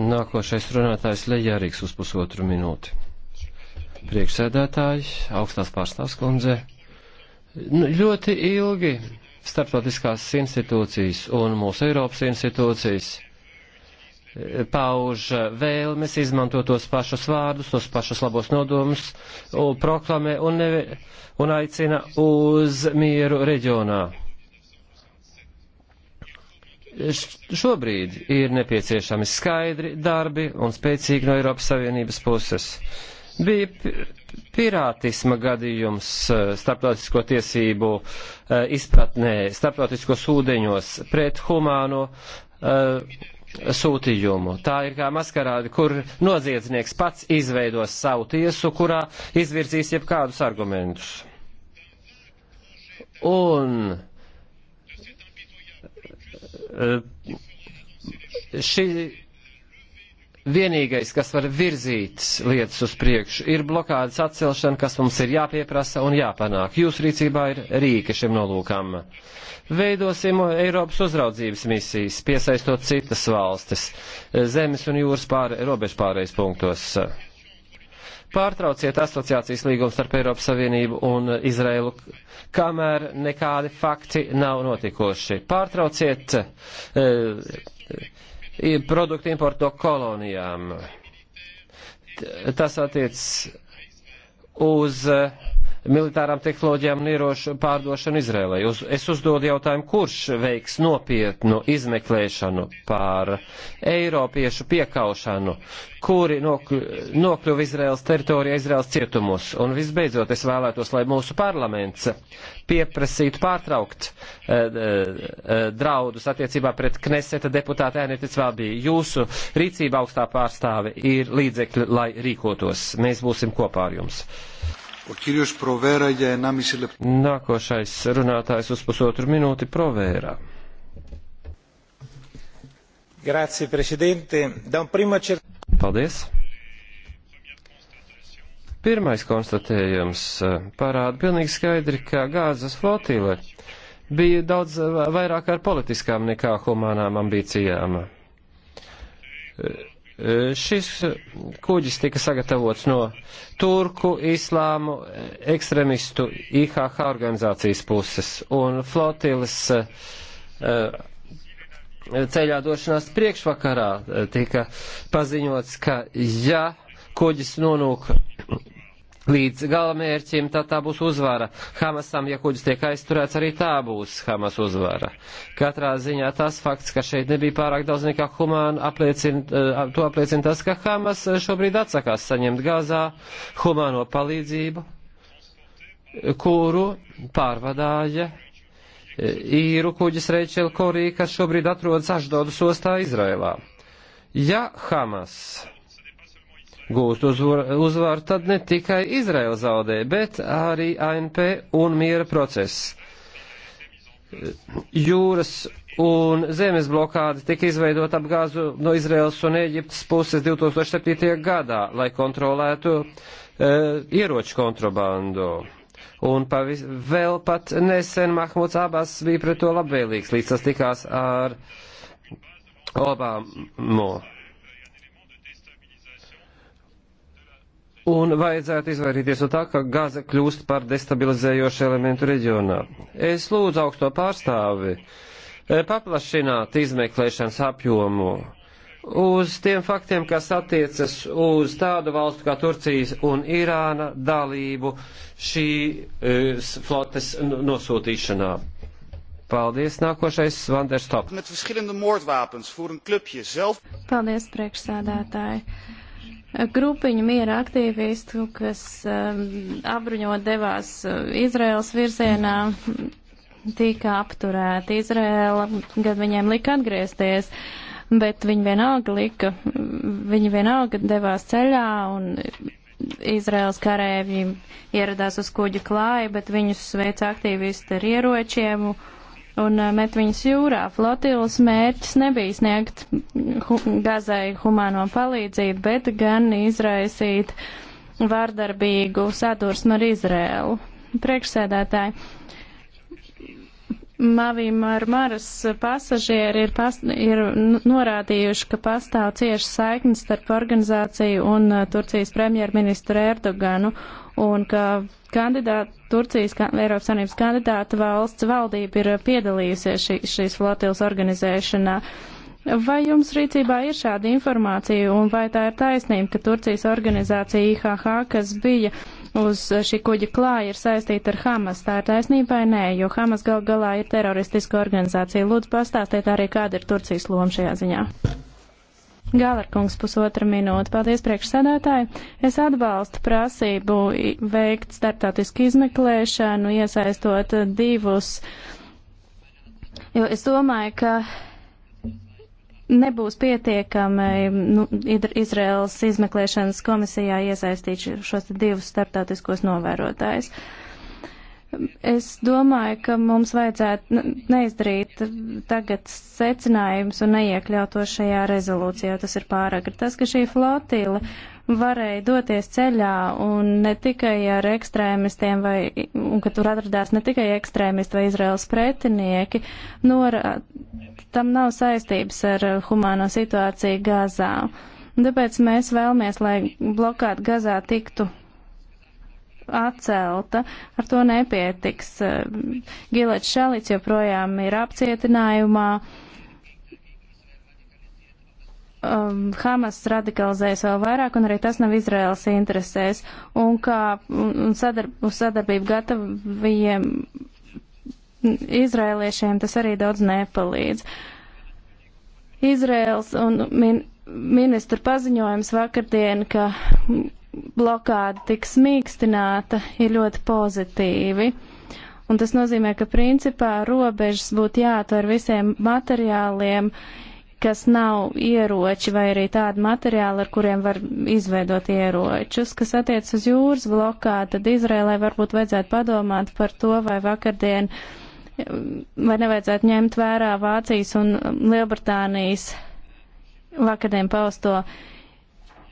Speaker 2: Nākošais runātājs Leģērīgs uz pusotru minūti priekšsēdētāji, augstās pārstāvs kundze. Nu, ļoti ilgi starptautiskās institūcijas un mūsu Eiropas institūcijas eh, pauž vēlmes izmantot tos pašus vārdus, tos pašus labos nodomus, un proklamē un, ne, un aicina uz mieru reģionā. Šobrīd ir nepieciešami skaidri darbi un spēcīgi no Eiropas Savienības puses. Uh, bija pirātisma gadījums eh, starptautisko tiesību eh, izpratnē, starptautiskos ūdeņos pret humāno eh, sūtījumu. Tā ir kā maskarāde, kur noziedznieks pats izveidos savu tiesu, kurā izvirzīs jebkādus argumentus. Un šī vienīgais, kas var virzīt lietas uz priekšu, ir blokādes atcelšana, kas mums ir jāpieprasa un jāpanāk. Jūsu rīcībā ir rīka šim nolūkam. Veidosim Eiropas uzraudzības misijas, piesaistot citas valstis, zemes un jūras pāre, robežu pārējais punktos. Pārtrauciet asociācijas līgumu starp Eiropas Savienību un Izraēlu, kamēr nekādi fakti nav notikoši. Pārtrauciet. Uh, e, produktu importu no kolonijām. Tas attiec uz uh, militārām tehnoloģijām un ieroču pārdošanu Izrēlē. Uz, es uzdodu jautājumu, kurš veiks nopietnu izmeklēšanu pār Eiropiešu piekaušanu, kuri nokļu, nokļuva Izrēlas teritorijā, Izrēlas cietumos. Un visbeidzot, es vēlētos, lai mūsu parlaments pieprasītu pārtraukt e, e, draudus attiecībā pret Kneseta deputātu Ēnietis Vābī. Jūsu rīcība augstā pārstāve ir līdzekļi, lai rīkotos. Mēs būsim kopā ar jums.
Speaker 1: Nākošais
Speaker 2: runātājs uz pusotru minūti Provērā. Grazie, prezidente. Paldies. Pirmais konstatējums parāda pilnīgi skaidri, ka gāzes flotile bija daudz vairāk ar politiskām nekā humanām ambīcijām. Eh, šis kuģis tika sagatavots no turku islāmu ekstremistu IHH organizācijas puses un flotilas eh, ceļā došanās priekšvakarā eh, tika paziņots, ka ja kuģis nonūk līdz galamērķim, tad tā būs uzvara. Hamasam, ja kuģis tiek aizturēts, arī tā būs Hamas uzvara. Katrā ziņā tas fakts, ka šeit nebija pārāk daudz nekā humāna, apliecina, eh, to apliecina tas, ka Hamas šobrīd atsakās saņemt Gazā humāno palīdzību, kuru pārvadāja eh, īru kuģis Reičela Korī, kas šobrīd atrodas Ašdodas ostā Izrēlā. Ja Hamas gūst uzvaru, tad ne tikai Izraela zaudē, bet arī ANP un miera process. Jūras un zemes blokāde tika izveidota ap gāzu no Izraels un Eģiptes puses 2007. gadā, lai kontrolētu e, ieroču kontrobandu. Un pavis, vēl pat nesen Mahmuds Abas bija pret to labvēlīgs, līdz tas tikās ar Obamu. Un vajadzētu izvairīties no tā, ka Gaza kļūst par destabilizējošu elementu reģionā. Es lūdzu augsto pārstāvi e, paplašināt izmeklēšanas apjomu uz tiem faktiem, kas attiecas uz tādu valstu kā Turcijas un Irāna dalību šīs e, flotes nosūtīšanā. Paldies, nākošais Vanders Top.
Speaker 3: Paldies, priekšsēdētāji grupiņu miera aktīvistu, kas um, apbruņot devās uh, Izraels virzienā, tika apturēti Izraela, kad viņiem lika atgriezties. Bet viņi vienalga lika, viņi vienalga devās ceļā un Izraels karēvi ieradās uz kuģa klāja, bet viņus sveica aktīvisti ar ieročiem un uh, met viņus jūrā. Flotilas mērķis nebija sniegt hu gazai humāno palīdzību, bet gan izraisīt vārdarbīgu sadursmu ar Izrēlu. Priekšsēdētāji, Mavim ar Maras pasažieri ir, pas, ir norādījuši, ka pastāv cieši saiknes starp organizāciju un uh, Turcijas premjerministru Erdoganu un ka Kandidāta, Turcijas Eiropas Savienības kandidāta valsts valdība ir piedalījusies šī, šīs flotilas organizēšanā. Vai jums rīcībā ir šāda informācija un vai tā ir taisnība, ka Turcijas organizācija IHH, kas bija uz šī kuģa klāja, ir saistīta ar Hamas? Tā ir taisnība vai nē, jo Hamas gal galā ir teroristiska organizācija. Lūdzu, pastāstiet arī, kāda ir Turcijas loma šajā ziņā. Galerkungs pusotra minūte. Paldies priekšsēdētāji. Es atbalstu prasību veikt startautisku izmeklēšanu, iesaistot divus, jo es domāju, ka nebūs pietiekami nu, Izraels izmeklēšanas komisijā iesaistīt šos divus startautiskos novērotājus. Uh, Es domāju, ka mums vajadzētu neizdarīt tagad secinājumus un neiekļaut to šajā rezolūcijā. Tas ir pāragri. Tas, ka šī flotila varēja doties ceļā un ne tikai ar ekstrēmistiem vai, un ka tur atradās ne tikai ekstrēmisti vai Izraels pretinieki, nor, nu, tam nav saistības ar humāno situāciju Gazā. Tāpēc mēs vēlamies, lai blokāta Gazā tiktu atcelta. Ar to nepietiks. Gilets Šalits joprojām ir apcietinājumā. Um, Hamas radikalizējas vēl vairāk, un arī tas nav Izraels interesēs. Un kā un sadarb, uz sadarbību gataviem izrēliešiem tas arī daudz nepalīdz. Izraels un min, ministra paziņojums vakardien, ka blokāda tiks mīkstināta, ir ļoti pozitīvi. Un tas nozīmē, ka principā robežas būtu jāatver visiem materiāliem, kas nav ieroči vai arī tādi materiāli, ar kuriem var izveidot ieročus. Kas attiec uz jūras blokādu, tad Izrēlē varbūt vajadzētu padomāt par to, vai vakardien, vai nevajadzētu ņemt vērā Vācijas un Lielbritānijas vakardien pausto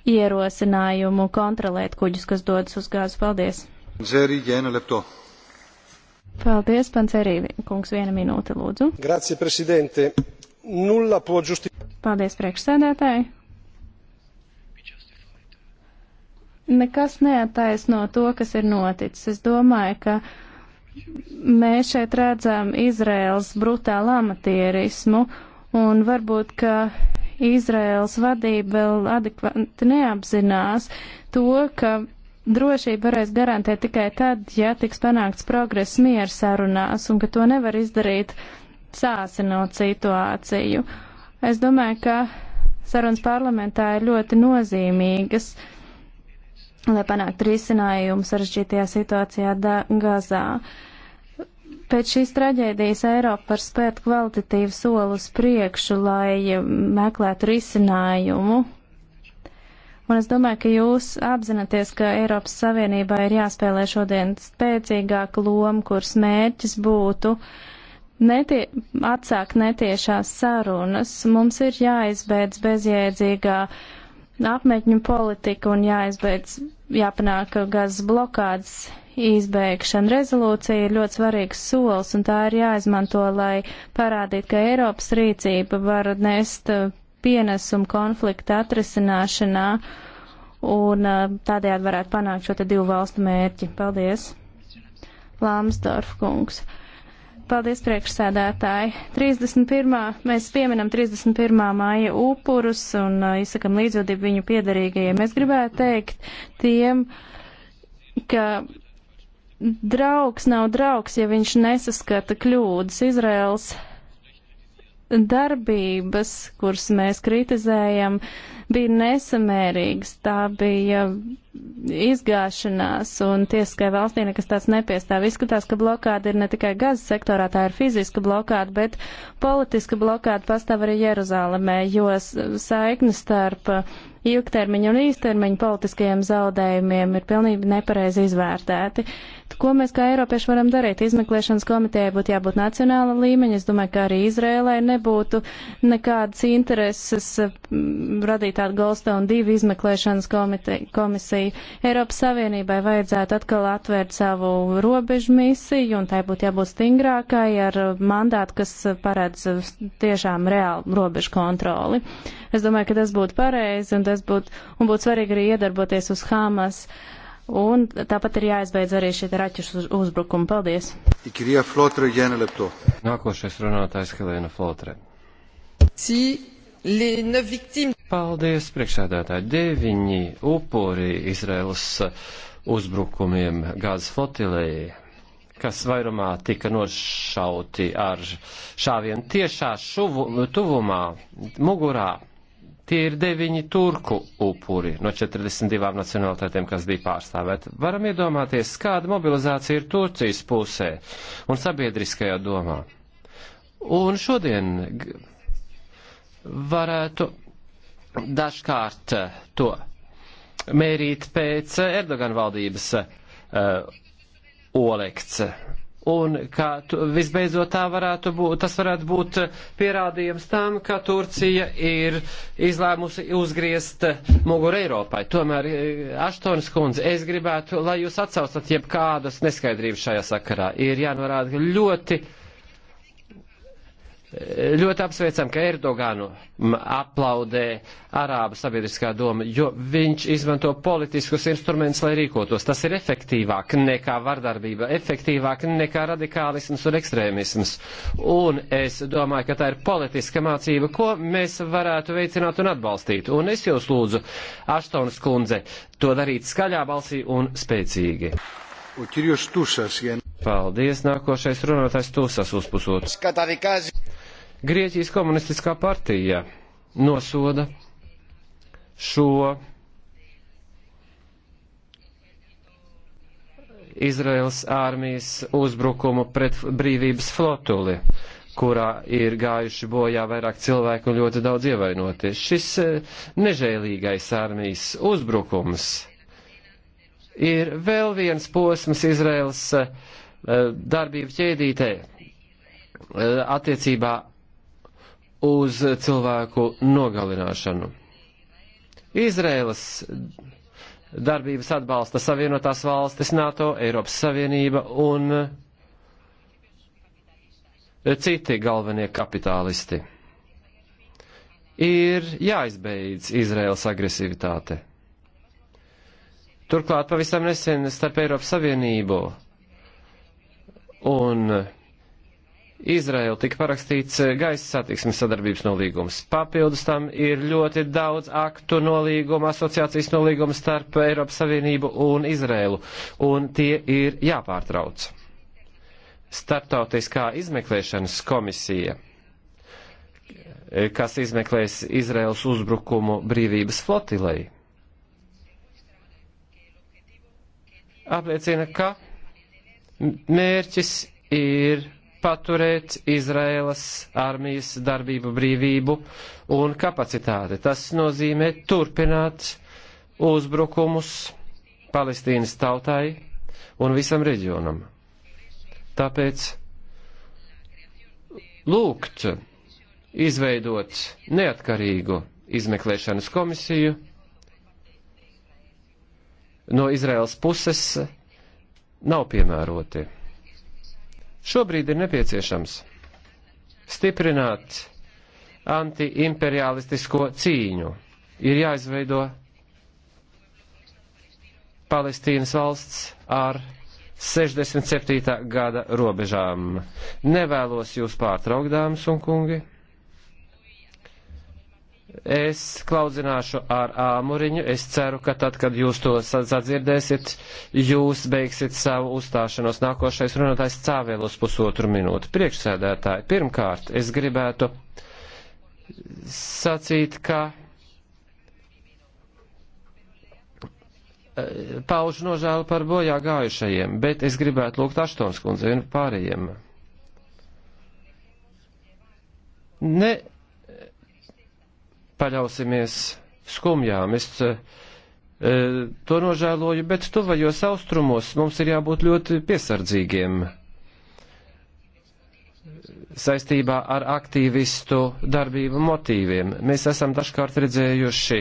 Speaker 3: ierosinājumu kontrolēt kuģus, kas dodas uz gāzu. Paldies!
Speaker 1: Dzeri, Jēna Lepto.
Speaker 3: Paldies, Pancerī, kungs, viena minūte, lūdzu.
Speaker 1: Grazie, prezidente. Nulla po justi...
Speaker 3: Paldies, priekšsēdētāji. Nekas neataisno to, kas ir noticis. Es domāju, ka mēs šeit redzam Izraels brutālu amatierismu un varbūt, ka Izraels vadība vēl adekvāti neapzinās to, ka drošību varēs garantēt tikai tad, ja tiks panākts progress mieru sarunās un ka to nevar izdarīt sāsinot situāciju. Es domāju, ka sarunas parlamentā ir ļoti nozīmīgas, lai panāktu risinājumu sarežģītajā situācijā Gazā. Uh, Pēc šīs traģēdijas Eiropa var spērt kvalitatīvu soli uz priekšu, lai um, meklētu risinājumu. Un es domāju, ka jūs apzināties, ka Eiropas Savienībā ir jāspēlē šodien spēcīgāka loma, kuras mērķis būtu netie, atsākt netiešās sarunas. Mums ir jāizbeidz bezjēdzīgā apmeķņu politika un jāizbeidz jāpanāk gazas blokādes izbēgšana. Rezolūcija ir ļoti svarīgs solis, un tā ir jāizmanto, lai parādītu, ka Eiropas rīcība var nest uh, pienesumu konflikta atrisināšanā, un uh, tādējādi varētu panākt šo te divu valstu mērķi. Paldies! Lāmsdorf kungs. Paldies, priekšsēdētāji. 31. Mēs pieminam 31. māja upurus un uh, izsakam līdzjūtību viņu piedarīgajiem. Es gribētu teikt tiem, ka draugs nav draugs, ja viņš nesaskata kļūdas. Izraels darbības, kuras mēs kritizējam, bija nesamērīgas. Tā bija izgāšanās un tiesiskai valstī nekas tāds nepiestāv. Izskatās, ka blokāda ir ne tikai gazas sektorā, tā ir fiziska blokāda, bet politiska blokāda pastāv arī Jeruzālēmē, jo saikne starp uh, ilgtermiņa un īstermiņa politiskajiem zaudējumiem ir pilnīgi nepareizi izvērtēti. Ko mēs kā Eiropieši varam darīt? Izmeklēšanas komitejai būtu jābūt nacionāla līmeņa. Es domāju, ka arī Izrēlai nebūtu nekādas intereses radīt tādu Goldstone divu izmeklēšanas komite, komisiju misiju. Eiropas Savienībai vajadzētu atkal atvērt savu robežu misiju, un tai būtu jābūt stingrākai ar mandātu, kas paredz tiešām reālu robežu kontroli. Es domāju, ka tas būtu pareizi, un tas būtu, un būtu svarīgi arī iedarboties uz Hamas. Un tāpat ir jāizbeidz arī šie raķešu uzbrukumi. Paldies!
Speaker 1: Flotre,
Speaker 2: Nākošais runātājs Helēna Flotre. Si, les neuf victimes Paldies, priekšsēdētāji. Deviņi upuri Izraels uzbrukumiem Gāzes flotilei, kas vairumā tika nošauti ar šāvienu tiešā šuvu, tuvumā, mugurā, Tie ir deviņi turku upuri no 42 nacionālitātēm, kas bija pārstāvēti. Varam iedomāties, kāda mobilizācija ir Turcijas pusē un sabiedriskajā domā. Un šodien varētu dažkārt eh, to mērīt pēc eh, Erdogan valdības uh, olekts. Un kā tu, visbeidzot tā varētu būt, tas varētu būt pierādījums tam, ka Turcija ir izlēmusi uzgriezt muguru Eiropai. Tomēr, Aštonas kundze, es gribētu, lai jūs atsaucat jebkādas neskaidrības šajā sakarā. Ir jānorāda, ka ļoti uh, Ļoti apsveicam, ka Erdoganu aplaudē Arābu sabiedriskā doma, jo viņš izmanto politiskus instrumentus, lai rīkotos. Tas ir efektīvāk nekā vardarbība, efektīvāk nekā radikālisms un ekstrēmisms. Un es domāju, ka tā ir politiska mācība, ko mēs varētu veicināt un atbalstīt. Un es jūs lūdzu, Aštons kundze, to darīt skaļā balsī un spēcīgi. Paldies, nākošais runātājs Tūsas uzpusot. Grieķijas komunistiskā partija nosoda šo Izraels armijas uzbrukumu pret brīvības flotuli, kurā ir gājuši bojā vairāk cilvēku un ļoti daudz ievainoties. Šis eh, nežēlīgais armijas uzbrukums ir vēl viens posms Izraels eh, darbību ķēdītē eh, attiecībā uz cilvēku nogalināšanu. Izraēlas darbības atbalsta Savienotās valstis, NATO, Eiropas Savienība un citi galvenie kapitālisti. Ir jāizbeidz Izraēlas agresivitāte. Turklāt pavisam nesen starp Eiropas Savienību un Izraela tika parakstīts eh, gaisa satiksmes sadarbības nolīgums. Papildus tam ir ļoti daudz aktu nolīgumu, asociācijas nolīgumu starp Eiropas Savienību un Izraelu, un tie ir jāpārtrauc. Startautiskā izmeklēšanas komisija, kas izmeklēs Izraels uzbrukumu brīvības flotilei, apliecina, ka mērķis ir paturēt Izraēlas armijas darbību brīvību un kapacitāti. Tas nozīmē turpināt uzbrukumus Palestīnas tautai un visam reģionam. Tāpēc lūgt izveidot neatkarīgu izmeklēšanas komisiju no Izraels puses nav piemēroti. Šobrīd ir nepieciešams stiprināt antiimperialistisko cīņu. Ir jāizveido Palestīnas valsts ar 67. gada robežām. Nevēlos jūs pārtraukt, dāmas un kungi. Es klaudzināšu ar āmuriņu. Es ceru, ka tad, kad jūs to sadzirdēsiet, jūs beigsiet savu uzstāšanos. Nākošais runātājs cāvēlos pusotru minūti. Priekšsēdētāji, pirmkārt, es gribētu sacīt, ka e, pauž nožēlu par bojā gājušajiem, bet es gribētu lūgt Aštons kundzei un pārējiem. Ne paļausimies skumjām. Es e, to nožēloju, bet tuvajos austrumos mums ir jābūt ļoti piesardzīgiem saistībā ar aktīvistu darbību motīviem. Mēs esam dažkārt redzējuši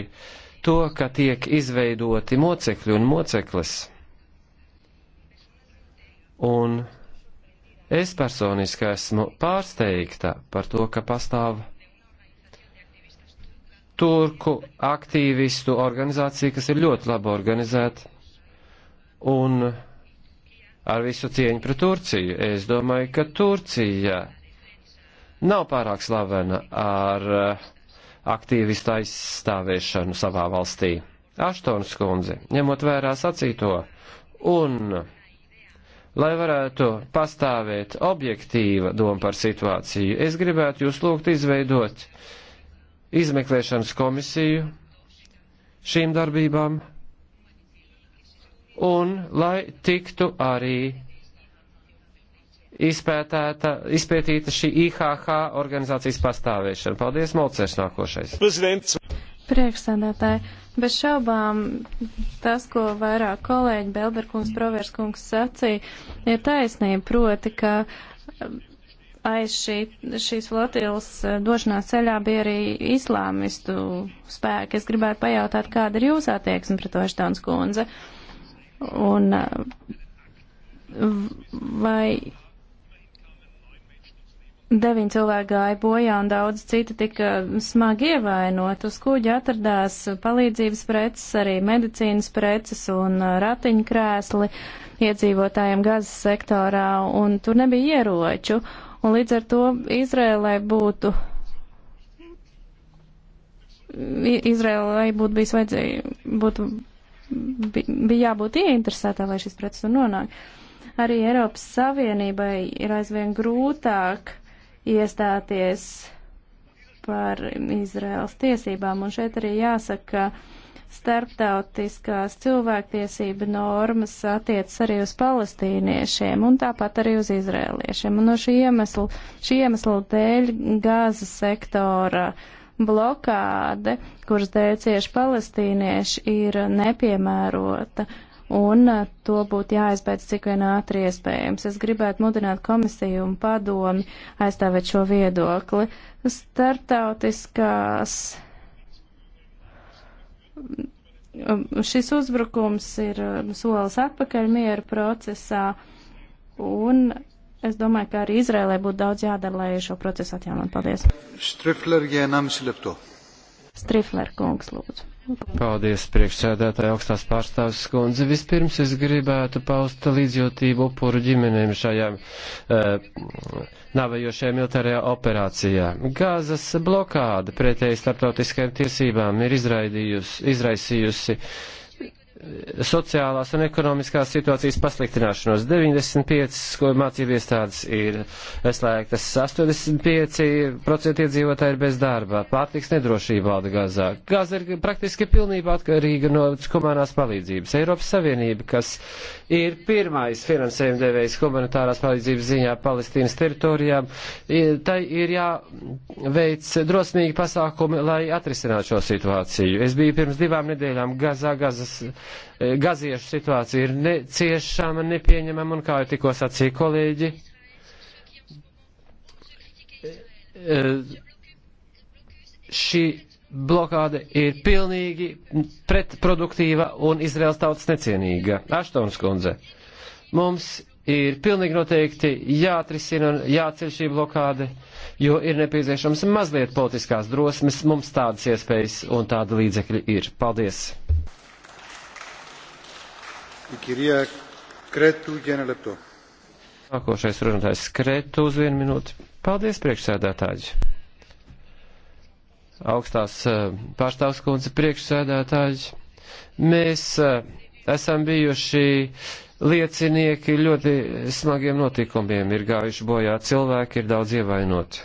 Speaker 2: to, ka tiek izveidoti mocekļi un moceklis. Un es personiski esmu pārsteigta par to, ka pastāv turku aktīvistu organizācija, kas ir ļoti labi organizēta. Un ar visu cieņu pret Turciju, es domāju, ka Turcija nav pārāk slavena ar eh, aktīvistu aizstāvēšanu savā valstī. Aštons kundze, ņemot vērā sacīto, un, lai varētu pastāvēt objektīva doma par situāciju, es gribētu jūs lūgt izveidot uh, izmeklēšanas komisiju šīm darbībām un lai tiktu arī izpētēta, izpētīta šī IHH organizācijas pastāvēšana. Paldies, Molcers, nākošais.
Speaker 3: Priekšsēdētāji, bez šaubām tas, ko vairāk kolēģi Belberkungs, Proverskungs sacīja, ir taisnība, proti, ka aiz šī, šīs flotilas eh, došanās ceļā bija arī islāmistu spēki. Es gribētu pajautāt, kāda ir jūsu attieksme pret Vaštāns kundze? Un eh, vai deviņi cilvēki gāja bojā un daudz citi tika smagi ievainot. Uz kuģa atradās palīdzības preces, arī medicīnas preces un eh, ratiņkrēsli iedzīvotājiem gazas sektorā, un tur nebija ieroču. Uh, Un līdz ar to Izrēlai būtu, Izrēlai būtu bijis vajadzēja, būtu, bija jābūt ieinteresētā, lai šis process tur nonāk. Arī Eiropas Savienībai ir aizvien grūtāk iestāties par Izraels tiesībām, un šeit arī jāsaka, ka starptautiskās cilvēktiesība normas attiec arī uz palestīniešiem un tāpat arī uz izrēliešiem. Un no šī iemesla, šī iemesla dēļ gāzes sektora blokāde, kuras dēļ cieši palestīnieši, ir nepiemērota. Un uh, to būtu jāizbeidz cik vien ātri iespējams. Es gribētu mudināt komisiju un padomi aizstāvēt šo viedokli. Startautiskās Um, šis uzbrukums ir um, solis atpakaļ miera procesā, un es domāju, ka arī Izrēlē būtu daudz jādara, lai šo procesu atjaunot. Paldies!
Speaker 1: Strifler, ja
Speaker 3: Strifler kungs, lūdzu.
Speaker 2: Paldies, priekšsēdētāja augstās pārstāvis skundze. Vispirms es gribētu paust līdzjūtību upuru ģimenēm šajā uh, navajošajā militārajā operācijā. Gāzas blokāda pretēji starptautiskajām tiesībām ir izraisījusi sociālās un ekonomiskās situācijas pasliktināšanos. 95 mācību iestādes ir slēgtas, 85% iedzīvotāji ir bez darba, pārtiks nedrošība valda Gazā. Gaza ir praktiski pilnībā atkarīga no humanās palīdzības. Eiropas Savienība, kas ir pirmais finansējuma devējs humanitārās palīdzības ziņā Palestīnas teritorijām. Tai ir jāveic drosmīgi pasākumi, lai atrisinātu šo situāciju. Es biju pirms divām nedēļām Gazā, Gazas, e, Gaziešu situācija ir neciešama, nepieņemama un, kā jau tikko sacīja kolēģi, e, e, šī blokāde ir pilnīgi pretproduktīva un Izraels tautas necienīga. Aštons kundze, mums ir pilnīgi noteikti jāatrisina un jāceļ šī blokāde, jo ir nepieciešams mazliet politiskās drosmes, mums tādas iespējas un tāda līdzekļi ir. Paldies! Nākošais runātājs Kretu uz vienu minūti. Paldies, priekšsēdētāji! augstās eh, pārstāvs kundze priekšsēdētāji. Mēs eh, esam bijuši liecinieki ļoti smagiem notikumiem, ir gājuši bojā cilvēki, ir daudz ievainoti.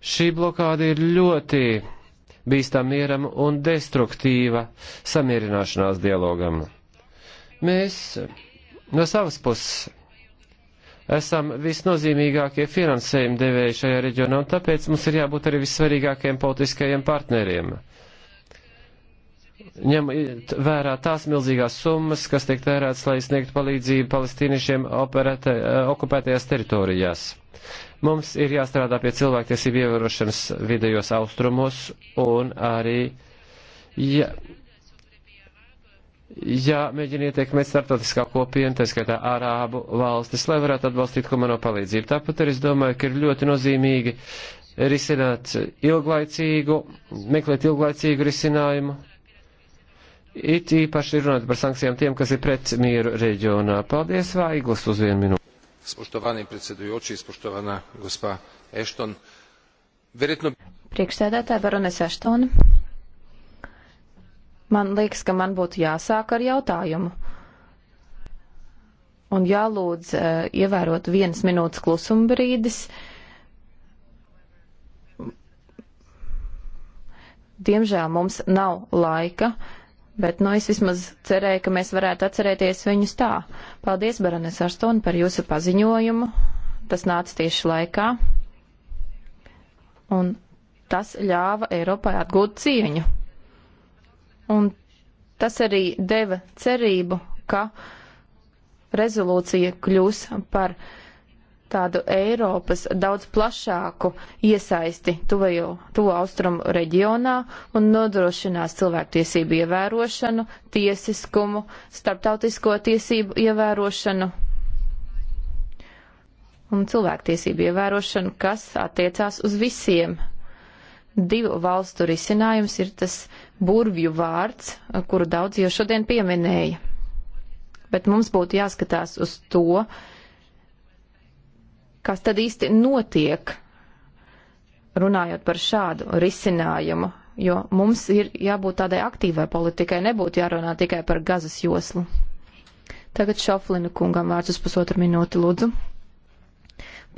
Speaker 2: Šī blokāda ir ļoti bīstam mieram un destruktīva samierināšanās dialogam. Mēs no savas puses esam visnozīmīgākie finansējuma devēji šajā reģionā, un tāpēc mums ir jābūt arī vissvarīgākajiem politiskajiem partneriem. Ņem vērā tās milzīgās summas, kas tiek tērētas, lai sniegtu palīdzību palestīniešiem operate, eh, okupētajās teritorijās. Mums ir jāstrādā pie cilvēktiesību ievērošanas vidējos austrumos un arī. Ja, ja mēģina ietekmēt startautiskā kopiena, tā skaitā ārābu valstis, lai varētu atbalstīt humano palīdzību. Tāpat arī es domāju, ka ir ļoti nozīmīgi risināt ilglaicīgu, meklēt ilglaicīgu risinājumu. It īpaši ir runāt par sankcijām tiem, kas ir pret mieru reģionā. Paldies, Vaiglas, uz vienu minūti.
Speaker 1: Spoštovani predsedujoči, spoštovana gospa Ešton. Verjetno...
Speaker 4: Priekšsēdētāja Baronesa Eštona. Man liekas, ka man būtu jāsāk ar jautājumu. Un jālūdz uh, ievērot vienas minūtes klusuma brīdis. Diemžēl mums nav laika, bet nu, es vismaz cerēju, ka mēs varētu atcerēties viņus tā. Paldies, Baranes Arstoni, par jūsu paziņojumu. Tas nāca tieši laikā. Un tas ļāva Eiropai atgūt cieņu. Un tas arī deva cerību, ka rezolūcija kļūs par tādu Eiropas daudz plašāku iesaisti tuvajo, tuvo austrumu reģionā un nodrošinās cilvēktiesību ievērošanu, tiesiskumu, starptautisko tiesību ievērošanu un cilvēktiesību ievērošanu, kas attiecās uz visiem divu valstu risinājums ir tas burvju vārds, kuru daudz jau šodien pieminēja. Bet mums būtu jāskatās uz to, kas tad īsti notiek, runājot par šādu risinājumu, jo mums ir jābūt tādai aktīvai politikai, nebūtu jārunā tikai par gazas joslu. Tagad Šoflina kungam vārds uz pusotru minūti lūdzu.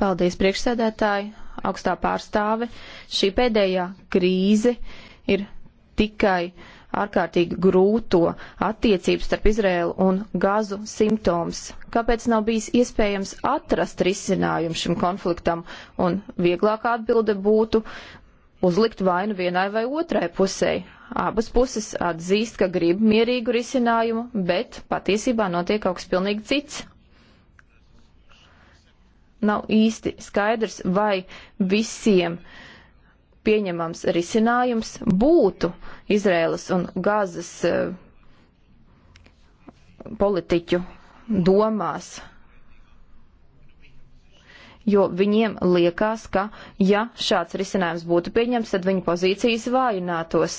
Speaker 4: Paldies priekšsēdētāji, augstā pārstāve, šī pēdējā krīze ir tikai ārkārtīgi grūto attiecību starp Izrēlu un Gazu simptoms. Kāpēc nav bijis iespējams atrast risinājumu šim konfliktam? Un vieglākā atbilde būtu uzlikt vainu vienai vai otrai pusē. Abas puses atzīst, ka grib mierīgu risinājumu, bet patiesībā notiek kaut kas pilnīgi cits nav īsti skaidrs, vai visiem pieņemams risinājums būtu Izrēlas un Gazas eh, politiķu domās. Jo viņiem liekas, ka ja šāds risinājums būtu pieņems, tad viņu pozīcijas vājinātos.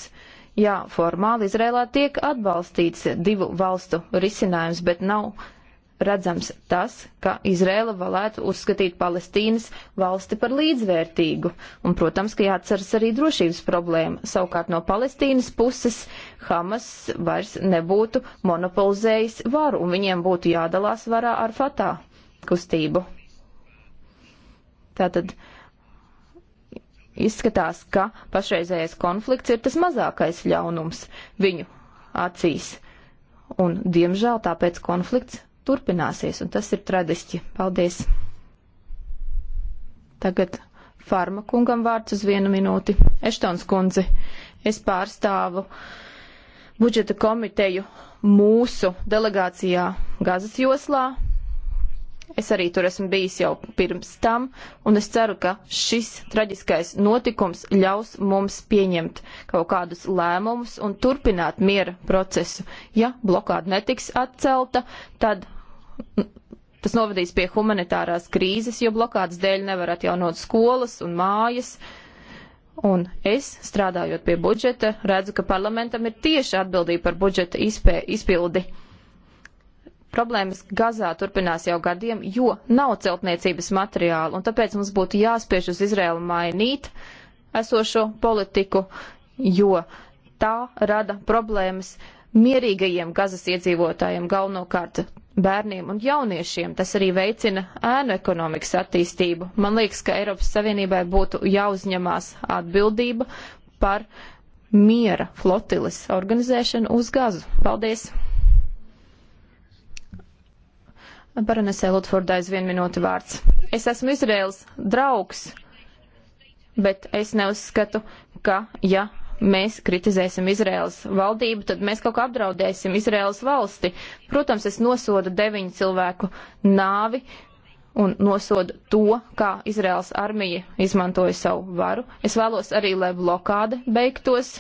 Speaker 4: Jā, formāli Izrēlā tiek atbalstīts divu valstu risinājums, bet nav redzams tas, ka Izrēla varētu uzskatīt Palestīnas valsti par līdzvērtīgu, un, protams, ka jāatceras arī drošības problēma. Savukārt no Palestīnas puses Hamas vairs nebūtu monopolizējis varu, un viņiem būtu jādalās varā ar Fatā kustību. Tātad izskatās, ka pašreizējais konflikts ir tas mazākais ļaunums viņu acīs. Un, diemžēl, tāpēc konflikts turpināsies, un tas ir tradiski. Paldies! Tagad farmakungam vārds uz vienu minūti. Eštons kundzi, es pārstāvu budžeta komiteju mūsu delegācijā Gazas joslā. Es arī tur esmu bijis jau pirms tam, un es ceru, ka šis traģiskais notikums ļaus mums pieņemt kaut kādus lēmumus un turpināt miera procesu. Ja blokāda netiks atcelta, tad tas novadīs pie humanitārās krīzes, jo blokādas dēļ nevar atjaunot skolas un mājas. Un es, strādājot pie budžeta, redzu, ka parlamentam ir tieša atbildība par budžeta izpē, izpildi. Problēmas Gazā turpinās jau gadiem, jo nav celtniecības materiāla, un tāpēc mums būtu jāspiež uz Izraēlu mainīt esošo politiku, jo tā rada problēmas uh, mierīgajiem gazas iedzīvotājiem, galvenokārt bērniem un jauniešiem. Tas arī veicina ēnu ekonomikas attīstību. Man liekas, ka Eiropas Savienībai būtu jāuzņemās atbildība par miera flotilis organizēšanu uz gazu. Paldies! Baronesē Lutforda aizvien minūte vārds. Es esmu Izraels draugs, bet es neuzskatu, ka, ja mēs kritizēsim Izraels valdību, tad mēs kaut kā apdraudēsim Izraels valsti. Protams, es nosodu deviņu cilvēku nāvi un nosodu to, kā Izraels armija izmantoja savu varu. Es vēlos arī, lai blokāde beigtos,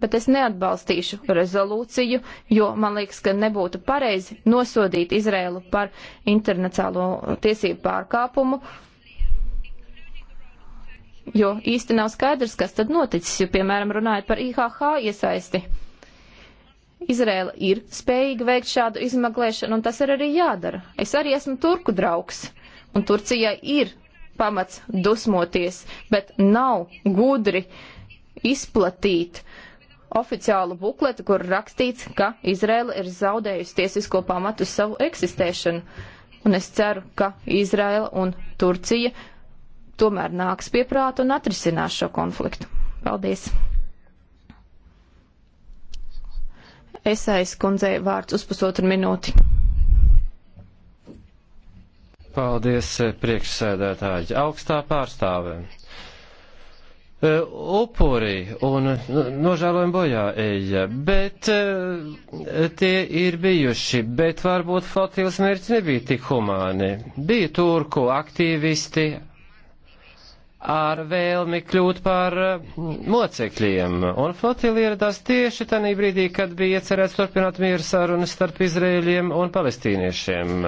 Speaker 4: bet es neatbalstīšu rezolūciju, jo man liekas, ka nebūtu pareizi nosodīt Izraelu par internacionālo tiesību pārkāpumu. Uh, jo īsti nav skaidrs, kas tad noticis, jo, piemēram, runājot par IHH iesaisti. Izrēla ir spējīga veikt šādu izmeklēšanu, un tas ir arī jādara. Es arī esmu turku draugs, un Turcijai ir pamats dusmoties, bet nav gudri izplatīt oficiālu bukletu, kur rakstīts, ka Izrēla ir zaudējusi tiesisko pamatu savu eksistēšanu. Un es ceru, ka Izrēla un Turcija tomēr nāks pie prāta un atrisinās šo konfliktu. Paldies! Es aizskundzēju vārds uz pusotru minūti.
Speaker 2: Paldies, eh, priekšsēdētāji, augstā pārstāve. Eh, upuri un nožēlojumi bojā eja, bet eh, tie ir bijuši, bet varbūt flotīlas mērķi nebija tik humāni. Bija turku aktīvisti, ar vēlmi kļūt par mocekļiem. Eh, un flotili ieradās tieši tanī brīdī, kad bija iecerēts turpināt mieru sarunas starp Izrēļiem un palestīniešiem.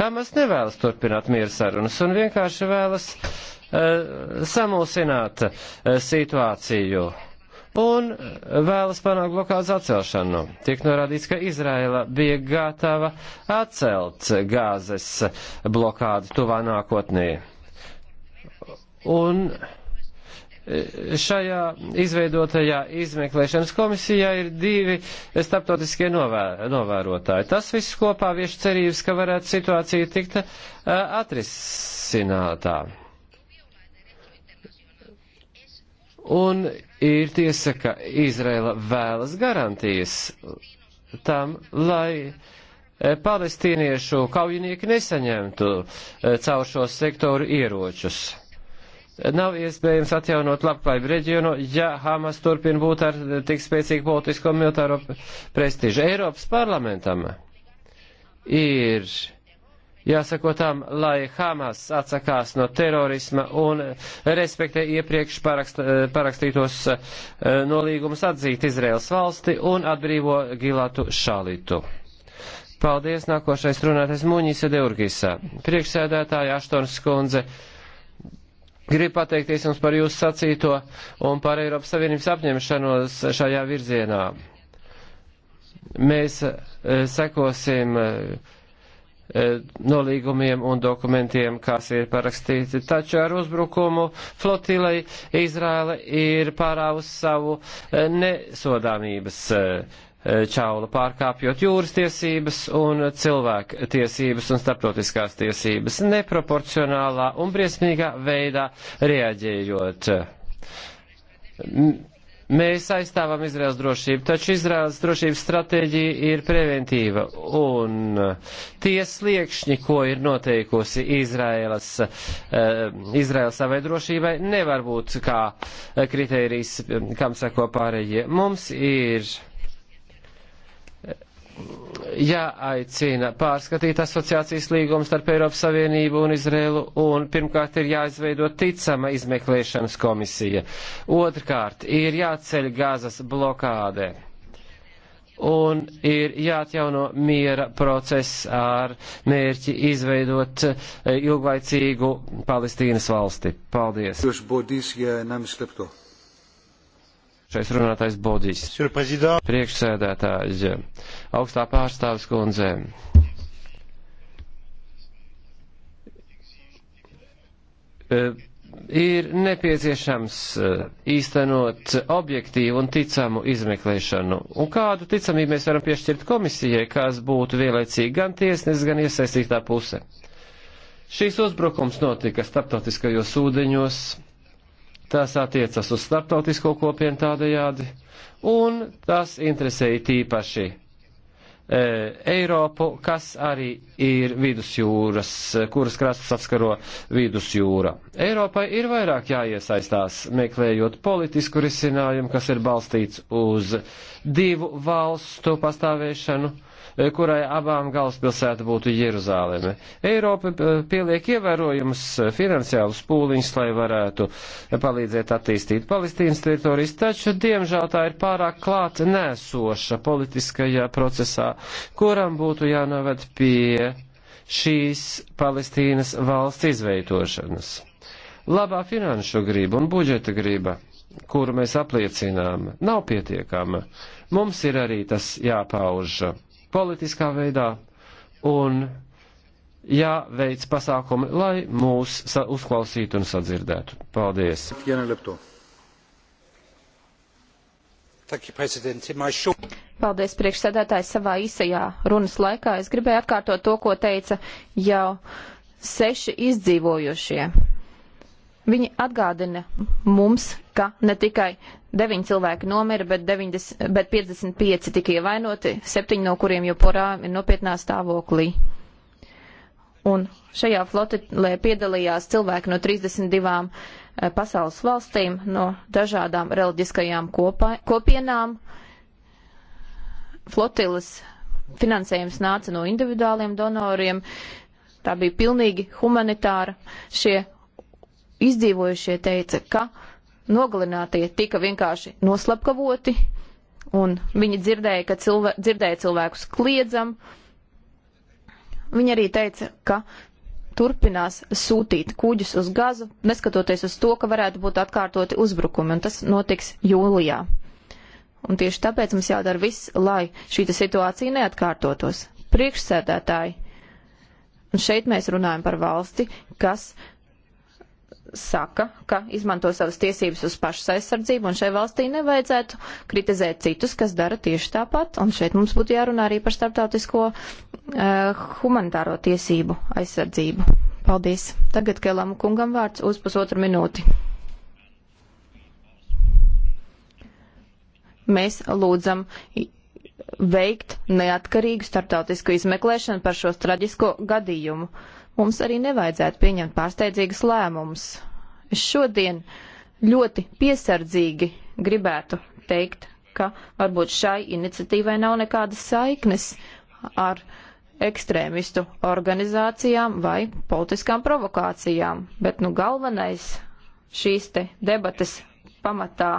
Speaker 2: Hamas nevēlas turpināt mieru sarunas un vienkārši vēlas uh, samulsināt uh, situāciju un vēlas panākt blokādes atcelšanu. Tiek norādīts, ka Izraela bija gatava atcelt gāzes blokādu tuvā nākotnē. Un e, šajā izveidotajā izmeklēšanas komisijā ir divi starptautiskie novē, novērotāji. Tas viss kopā vieš cerības, ka varētu situācija tikt uh, atrisinātā. Un ir tiesa, ka Izraela vēlas garantijas tam, lai e, palestīniešu kaujinieki nesaņemtu caur šo sektoru ieročus. Nav iespējams atjaunot labklājību reģionu, ja Hamas turpina būt ar tik spēcīgu politisko un militāro prestižu. Eiropas parlamentam ir jāsako tam, lai Hamas atsakās no terorisma un respektē iepriekš parakst, parakstītos eh, nolīgumus atzīt Izraels valsti un atbrīvo Gilatu Šalitu. Paldies, nākošais runātais Muņisa Deurgisa. Priekšsēdētāja Aštons Skundze Gribu pateikties jums par jūsu sacīto un par Eiropas Savienības apņemšanos šajā virzienā. Mēs eh, sekosim eh, eh, nolīgumiem un dokumentiem, kas ir parakstīti. Taču ar uzbrukumu flotilei Izraela ir pārāvusi savu nesodāmības E, čaula pārkāpjot jūras tiesības un cilvēku tiesības un starptautiskās tiesības, neproporcionālā un briesmīgā veidā reaģējot. Mēs aizstāvam Izraels drošību, taču Izraels drošības stratēģija ir preventīva, un tie sliekšņi, ko ir noteikusi Izraels, e, Izraels savai drošībai, nevar būt kā kritērijs, kam sako pārējie. Mums ir jāaicina pārskatīt asociācijas līgumu starp Eiropas Savienību un Izrēlu, un pirmkārt ir jāizveido ticama izmeklēšanas komisija. Otrkārt ir jāceļ gazas blokādē. Un ir jāatjauno miera process ar mērķi izveidot eh, ilglaicīgu Palestīnas valsti. Paldies. Nākošais runātais Bodīs. Priekšsēdētāji, augstā pārstāvis kundze. E, ir nepieciešams e, īstenot objektīvu un ticamu izmeklēšanu. Un kādu ticamību mēs varam piešķirt komisijai, kas būtu vienlaicīgi gan tiesnes, gan iesaistītā puse? Šīs uzbrukums notika starptautiskajos ūdeņos tas attiecas uz starptautisko kopienu tādējādi, un tas interesēja tīpaši e, Eiropu, kas arī ir vidusjūras, kuras krastus apskaro vidusjūra. Eiropai ir vairāk jāiesaistās, meklējot politisku risinājumu, kas ir balstīts uz divu valstu pastāvēšanu Eh, kurai abām galvaspilsēta būtu Jeruzāleme. Eiropa eh, pieliek ievērojums eh, finansiālus pūliņus, lai varētu palīdzēt attīstīt Palestīnas teritorijas, taču, diemžēl, tā ir pārāk klāt nēsoša politiskajā procesā, kuram būtu jānoved pie šīs Palestīnas valsts izveidošanas. Labā finanšu griba un budžeta griba kuru mēs apliecinām, nav pietiekama. Mums ir arī tas jāpauž politiskā veidā un jāveic pasākumi, lai mūs uzklausītu un sadzirdētu. Paldies!
Speaker 4: Paldies, priekšsēdētājs, savā īsajā runas laikā. Es gribēju atkārtot to, ko teica jau seši izdzīvojušie. Viņi atgādina mums, ka ne tikai 9 cilvēki nomira, bet, 90, bet 55 tika ievainoti, 7 no kuriem joprojām ir nopietnā stāvoklī. Un šajā flotilē piedalījās cilvēki no 32 eh, pasaules valstīm, no dažādām reliģiskajām kopā, kopienām. Flotilas finansējums nāca no individuāliem donoriem. Tā bija pilnīgi humanitāra. Šie izdzīvojušie teica, ka nogalinātie tika vienkārši noslapkavoti, un viņi dzirdēja, ka cilvē, dzirdēja cilvēkus kliedzam. Viņi arī teica, ka turpinās sūtīt kuģus uz gazu, neskatoties uz to, ka varētu būt atkārtoti uzbrukumi, un tas notiks jūlijā. Un tieši tāpēc mums jādara viss, lai šī situācija neatkārtotos. Priekšsēdētāji, un šeit mēs runājam par valsti, kas uh, saka, ka izmanto savas tiesības uz pašas aizsardzību, un šai valstī nevajadzētu kritizēt citus, kas dara tieši tāpat, un šeit mums būtu jārunā arī par starptautisko uh, humanitāro tiesību aizsardzību. Paldies. Tagad Kelam kungam vārds uz pusotru minūti. Mēs lūdzam veikt neatkarīgu starptautisku izmeklēšanu par šo traģisko gadījumu. Uh, mums arī nevajadzētu pieņemt pārsteidzīgas lēmumus. Es šodien ļoti piesardzīgi gribētu teikt, ka varbūt šai iniciatīvai nav nekādas saiknes ar ekstrēmistu organizācijām vai politiskām provokācijām, bet nu galvenais šīs te debates pamatā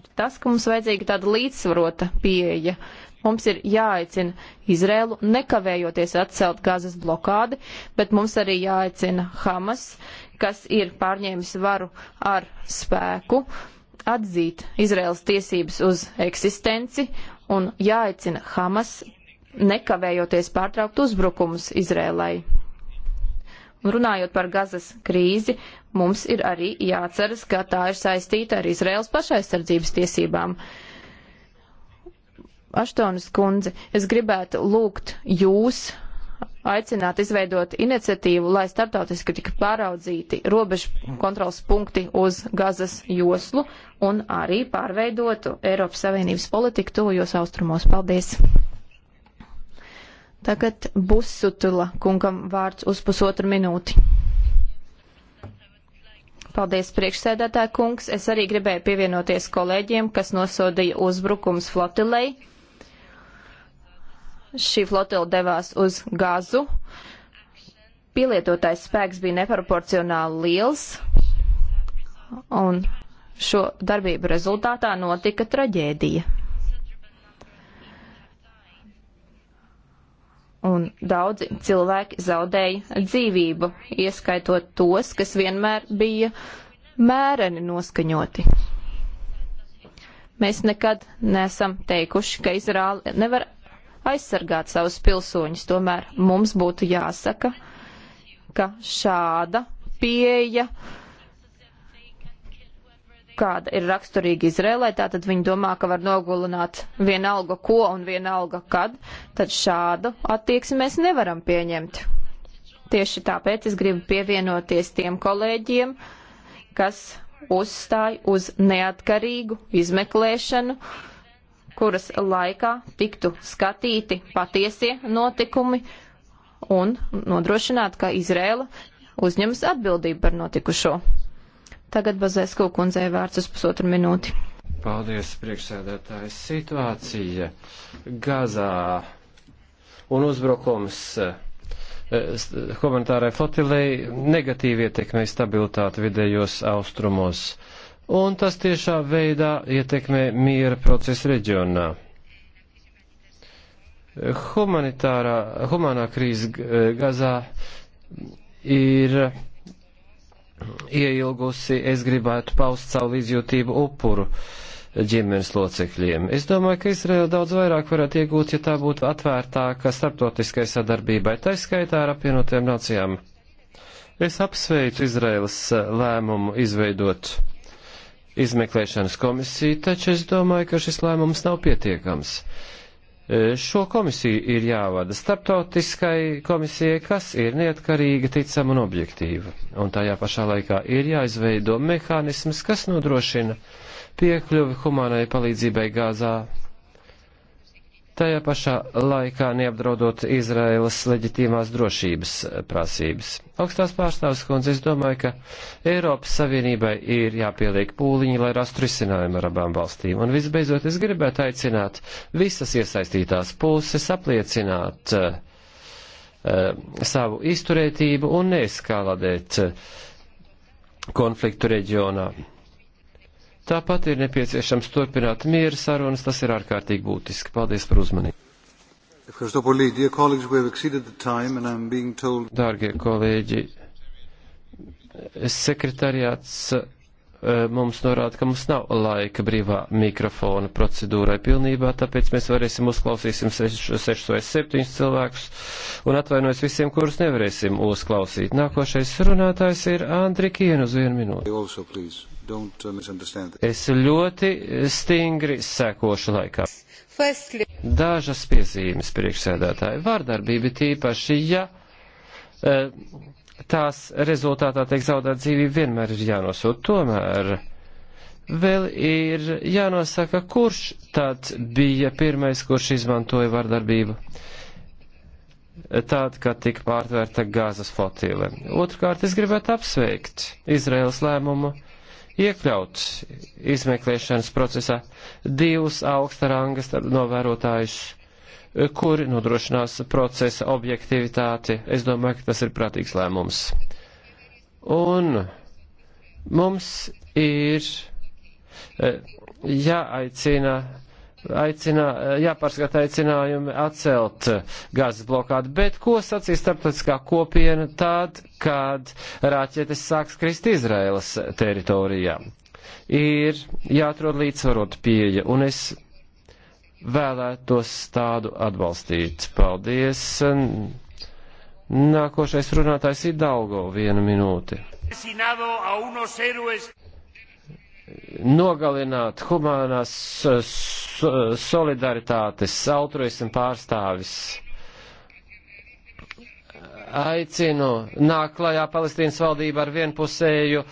Speaker 4: ir tas, ka mums vajadzīga tāda līdzsvarota pieeja. Uh, Mums ir jāaicina Izrēlu nekavējoties atcelt gazas blokādi, bet mums arī jāaicina Hamas, kas ir pārņēmis varu ar spēku, atzīt Izrēlas tiesības uz eksistenci un jāaicina Hamas nekavējoties pārtraukt uzbrukumus Izrēlai. Runājot par gazas krīzi, mums ir arī jāceras, ka tā ir saistīta ar Izraels pašaizsardzības tiesībām. Uh, Aštonas kundze, es gribētu lūgt jūs aicināt izveidot iniciatīvu, lai starptautiski tika pāraudzīti robežu kontrols punkti uz gazas joslu un arī pārveidotu Eiropas Savienības politiku tuvajos austrumos. Paldies! Tagad Busutula kungam vārds uz pusotru minūti. Paldies, priekšsēdētāja kungs. Es arī gribēju pievienoties kolēģiem, kas nosodīja uzbrukums flotilei šī flotila devās uz gazu. Pielietotais spēks bija neproporcionāli liels, un šo darbību rezultātā notika traģēdija. Un daudzi cilvēki zaudēja dzīvību, ieskaitot tos, kas vienmēr bija mēreni noskaņoti. Mēs nekad nesam teikuši, ka Izrāla nevar aizsargāt savus pilsoņus. Tomēr mums būtu jāsaka, ka šāda pieeja, kāda ir raksturīga Izrēlē, tātad viņi domā, ka var nogulināt vienalga ko un vienalga kad, tad šādu attieksmi mēs nevaram pieņemt. Tieši tāpēc es gribu pievienoties tiem kolēģiem, kas uzstāja uz neatkarīgu izmeklēšanu, uh, kuras laikā tiktu skatīti patiesie notikumi un nodrošināt, ka Izrēla uzņemas atbildību par notikušo. Tagad Bazēsku kundzei vārds uz pusotru minūti.
Speaker 2: Paldies, priekšsēdētājs. Situācija Gazā un uzbrukums eh, humanitārai flotilei negatīvi ietekmē stabilitāti vidējos austrumos un tas tiešā veidā ietekmē miera procesu reģionā. Humanitārā, humanā krīze eh, Gazā ir ieilgusi, es gribētu paust savu līdzjūtību upuru ģimenes locekļiem. Es domāju, ka Izraela daudz vairāk varētu iegūt, ja tā būtu atvērtāka starptautiskai sadarbībai, taiskaitā ar apvienotajām nācijām. Es apsveicu Izraels eh, lēmumu izveidot izmeklēšanas komisiju, taču es domāju, ka šis lēmums nav pietiekams. E, šo komisiju ir jāvada starptautiskai komisijai, kas ir neatkarīga, ticama un objektīva. Un tajā pašā laikā ir jāizveido mehānisms, kas nodrošina piekļuvi humanai palīdzībai Gāzā tajā pašā laikā neapdraudot Izraēlas leģitīmās drošības prasības. Augstās pārstāvis kundze, es domāju, ka Eiropas Savienībai ir jāpieliek pūliņi, lai rastu risinājumu ar abām valstīm. Un visbeidzot, es gribētu aicināt visas iesaistītās puses apliecināt uh, uh, savu izturētību un neeskalādēt uh, konfliktu reģionā Tāpat ir nepieciešams turpināt mieru sarunas, tas ir ārkārtīgi būtiski. Paldies par uzmanību. Told... Dārgie kolēģi, sekretariāts eh, mums norāda, ka mums nav laika brīvā mikrofona procedūrai pilnībā, tāpēc mēs varēsim uzklausīsim 6 vai 7 cilvēkus un atvainojos visiem, kurus nevarēsim uzklausīt. Nākošais runātājs ir Andri
Speaker 1: Kien uz vienu minūti. Also, please. Uh,
Speaker 2: es ļoti stingri sekošu laikā. Dažas piezīmes priekšsēdētāji. Vārdarbība tīpaši, ja e, tās rezultātā tiek zaudēta dzīvība, vienmēr ir jānosūt. Tomēr vēl ir jānosaka, kurš tad bija pirmais, kurš izmantoja vardarbību. Tāda, kad tika pārtvērta gāzes flotile. Otrkārt, es gribētu apsveikt Izraels lēmumu uh, iekļauts izmeklēšanas procesā divus augsta rangas novērotājus, kuri nodrošinās procesa objektivitāti. Es domāju, ka tas ir prātīgs lēmums. Un mums ir eh, jāaicina. Ja aicinā, jāpārskata aicinājumi atcelt gazas blokādu, bet ko sacīs starptautiskā kopiena tad, kad rāķetes sāks krist Izraēlas teritorijā? Ir jāatrod līdzsvarot pieeja, un es vēlētos tādu atbalstīt. Paldies! Nākošais runātājs ir Dalgo, viena minūte nogalināt humānās eh, solidaritātes altruismu pārstāvis aicinu nāk klajā Palestīnas valdība ar vienpusēju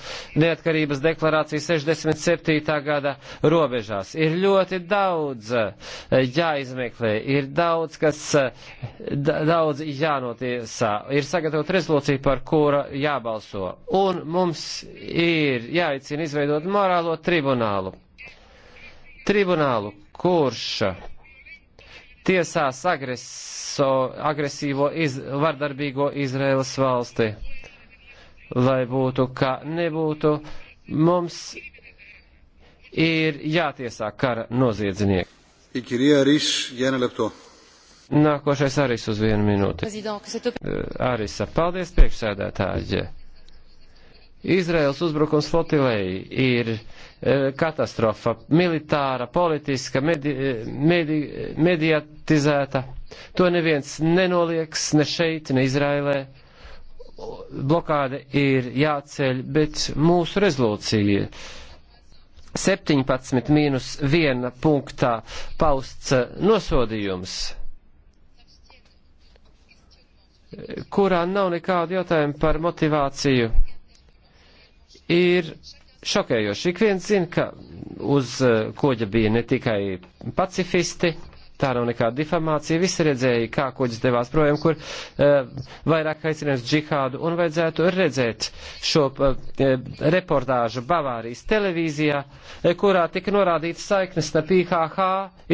Speaker 2: neatkarības deklarāciju 67. gada robežās. Ir ļoti daudz eh, jāizmeklē, ir daudz, kas eh, daudz jānotiesā, ir sagatavot rezolūciju, par kura jābalso. Un mums ir jāicina izveidot morālo tribunālu. Tribunālu, kurš tiesās agreso, agresīvo iz, vardarbīgo Izraēlas valsti. Lai būtu, kā nebūtu, mums ir jātiesā kara noziedznieki. Nākošais arī uz vienu minūti. Arisa, paldies priekšsēdētāji. Izraels uzbrukums flotilei ir e, katastrofa - militāra, politiska, medi, e, medi, mediatizēta. To neviens nenolieks ne šeit, ne Izraēlē. Blokāde ir jāceļ, bet mūsu rezolūcija 17 mīnus 1 punktā pausts nosodījums kurā nav nekādu jautājumu par motivāciju ir šokējoši. Ik viens zina, ka uz eh, koģa bija ne tikai pacifisti, tā nav nekāda difamācija, visi redzēja, kā koģis devās projām, kur uh, vairāk aicinājums džihādu, un vajadzētu redzēt šo uh, reportāžu Bavārijas televīzijā, kurā tika norādīts saiknes starp IHH,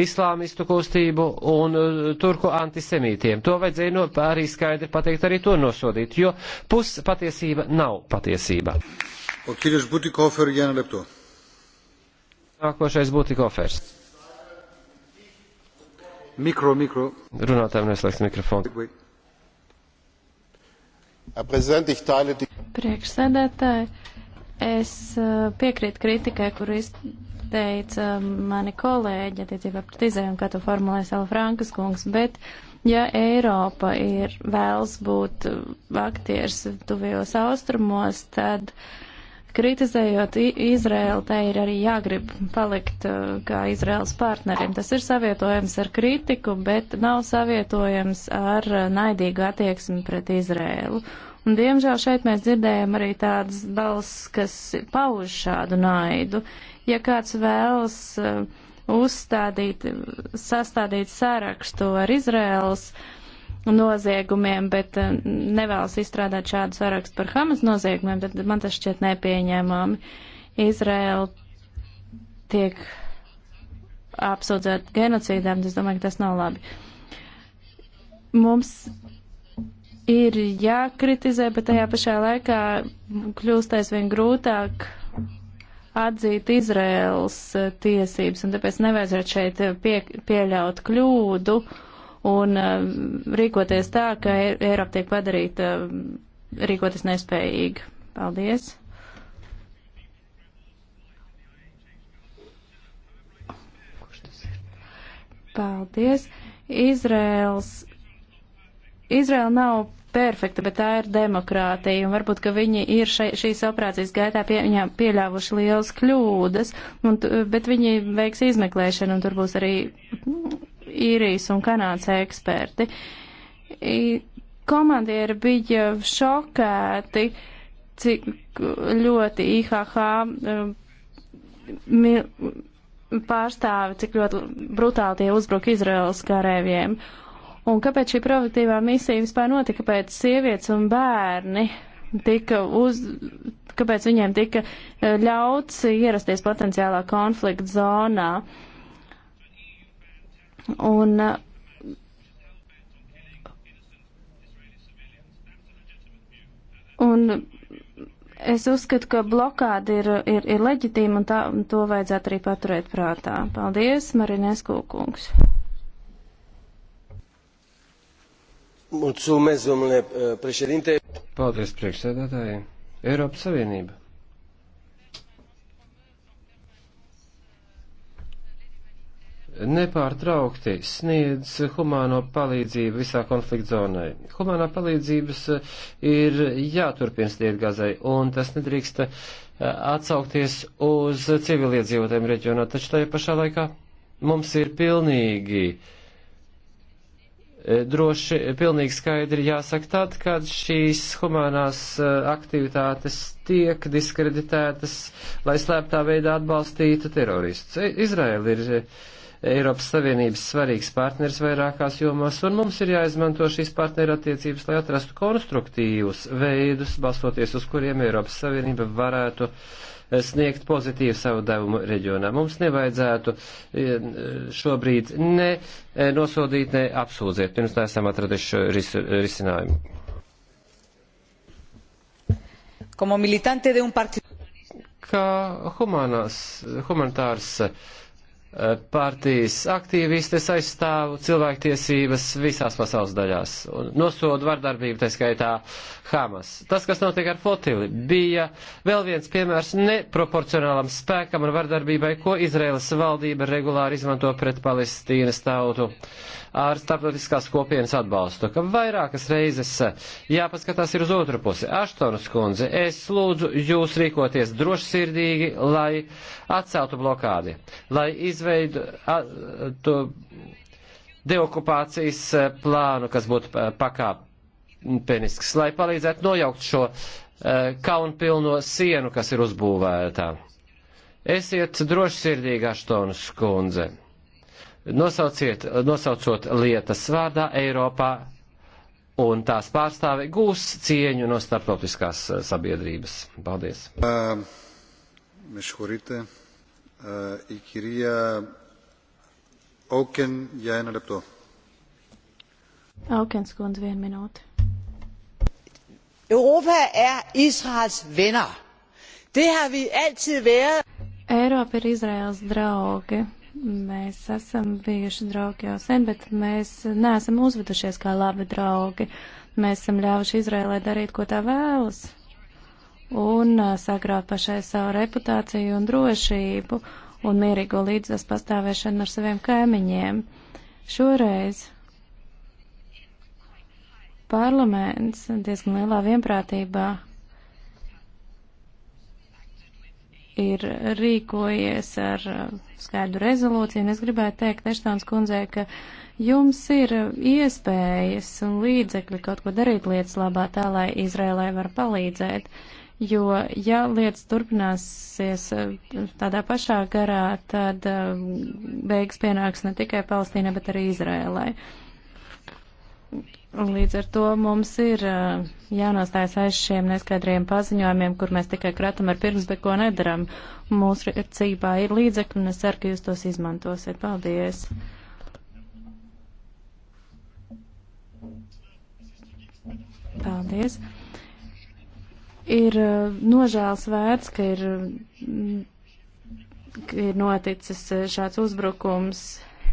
Speaker 2: islāmistu kustību un uh, turku antisemītiem. To vajadzēja no, arī skaidri pateikt, arī to nosodīt, jo puspatiesība nav patiesība.
Speaker 1: Nākošais
Speaker 2: Butikofers.
Speaker 1: Mikro, mikro.
Speaker 2: Runātājiem neslēgts mikrofonu.
Speaker 3: Priekšsēdētāji, es piekrītu kritikai, kuru izteica mani kolēģi attiecībā pret Izraēlu, kā to formulē Sala Frankas kungs, bet ja Eiropa ir vēls būt e, aktieris tuvijos austrumos, tad. Uh, Kritizējot Izraēlu, tai ir arī jāgrib palikt uh, kā Izraēlas partnerim. Tas ir savietojams ar kritiku, bet nav savietojams ar uh, naidīgu attieksmi pret Izraēlu. Un, diemžēl šeit mēs dzirdējam arī tādas balss, kas pauž šādu naidu. Ja kāds vēlas uh, uzstādīt, sastādīt sarakstu ar Izraēlas uh, noziegumiem, bet eh, nevēlas izstrādāt šādu sarakstu par Hamas noziegumiem, tad man tas šķiet nepieņēmami. Izraela tiek apsūdzēta genocīdām, es domāju, ka tas nav labi. Mums ir jākritizē, bet tajā pašā laikā kļūstais vien grūtāk atzīt Izraels eh, tiesības, un tāpēc nevajadzētu šeit pie, pieļaut kļūdu. Uh, un eh, rīkoties tā, ka e- Eiropa tiek padarīta eh, rīkoties nespējīga. Paldies! Paldies! Izraels. Izraela nav perfekta, bet tā ir demokrātija, un varbūt, ka viņi ir šai, šīs operācijas gaitā pie, pieļāvuši lielas kļūdas, un, bet viņi veiks izmeklēšanu, un tur būs arī nu, īrijas un kanādas eksperti. Komandieri bija šokēti, cik ļoti IHH um, pārstāvi, cik ļoti brutāli tie uzbruka Izraels karēviem. Un kāpēc šī provokatīvā misija vispār notika, kāpēc sievietes un bērni tika uz, kāpēc viņiem tika eh, ļauts ierasties potenciālā konflikta zonā? Uh, Un Un es uzskatu, ka blokāda ir, ir, ir leģitīma un, tā, un to vajadzētu arī paturēt prātā. Paldies, Marinēs Kūkungs.
Speaker 2: Mulțumesc, domnule eh, președinte. Paldies, priekšsēdētāji. Eiropas Savienība nepārtraukti sniedz humāno palīdzību visā konflikta zonai. Humānā palīdzības eh, ir jāturpina sniegt Gazai, un tas nedrīkst eh, atsaukties uz civiliedzīvotājiem reģionā, taču tajā pašā laikā mums ir pilnīgi uh, droši, pilnīgi skaidri jāsaka tad, kad šīs humanās aktivitātes tiek diskreditētas, lai slēptā veidā atbalstītu terorists. Izraela ir Eiropas Savienības svarīgs partners vairākās jomās, un mums ir jāizmanto šīs partnerattiecības, lai atrastu konstruktīvus veidus, balstoties uz kuriem Eiropas Savienība varētu eh, sniegt pozitīvu savu devumu reģionā. Mums nevajadzētu eh, šobrīd ne eh, nosodīt, ne apsūdzēt, pirms neesam atraduši ris risinājumu. Kā humanās, humanitārs Eh, partijas aktīvistes aizstāvu cilvēktiesības visās pasaules daļās un nosodu vardarbību, tā skaitā Hamas. Tas, kas notiek ar flotili, bija vēl viens piemērs neproporcionālam spēkam un vardarbībai, ko Izraēlas valdība regulāri izmanto pret Palestīnas tautu ar starptautiskās kopienas atbalstu, ka vairākas reizes jāpaskatās ir uz otru pusi. Aštonas kundze, es lūdzu jūs rīkoties drošsirdīgi, lai atceltu blokādi, lai iz izveidu a, to deokupācijas e, plānu, kas būtu e, pakāpenisks, lai palīdzētu nojaukt šo e, kaunpilno sienu, kas ir uzbūvēta. Esiet drošsirdīgi, Aštonas kundze. Nosauciet, nosaucot lietas vārdā Eiropā un tās pārstāvi gūs cieņu no starptautiskās sabiedrības. Paldies.
Speaker 1: Uh, η κυρία Όκεν για ένα λεπτό.
Speaker 3: Auken skundze, viena minūte. Europa er Israels venner. Det har vi altid været. Eiropa ir Izraels draugi. Mēs esam bijuši draugi jau sen, bet mēs neesam uzvedušies kā labi draugi. Mēs esam ļāvuši Izraēlai darīt, ko tā vēlas un eh, sagrābt pašai savu reputāciju un drošību un mierīgo līdzās pastāvēšanu ar saviem kaimiņiem. Šoreiz parlaments diezgan lielā vienprātībā ir rīkojies ar eh, skaidru rezolūciju, un es gribētu teikt Eštāns kundzei, ka jums ir eh, iespējas un līdzekļi kaut ko darīt lietas labā tā, lai Izrēlai var palīdzēt. Uh, jo ja lietas turpināsies eh, tādā pašā garā, tad eh, beigas pienāks ne tikai Palestīnai, bet arī Izrēlai. Līdz ar to mums ir eh, jānostājas aiz šiem neskaidriem paziņojumiem, kur mēs tikai kratam ar pirks, bet ko nedaram. Mūsu rīcībā ir līdzekļi, un es ceru, ka jūs tos izmantosiet. Paldies! Paldies! Ir eh, nožēls vērts, ka ir, mm, ka ir noticis eh, šāds uzbrukums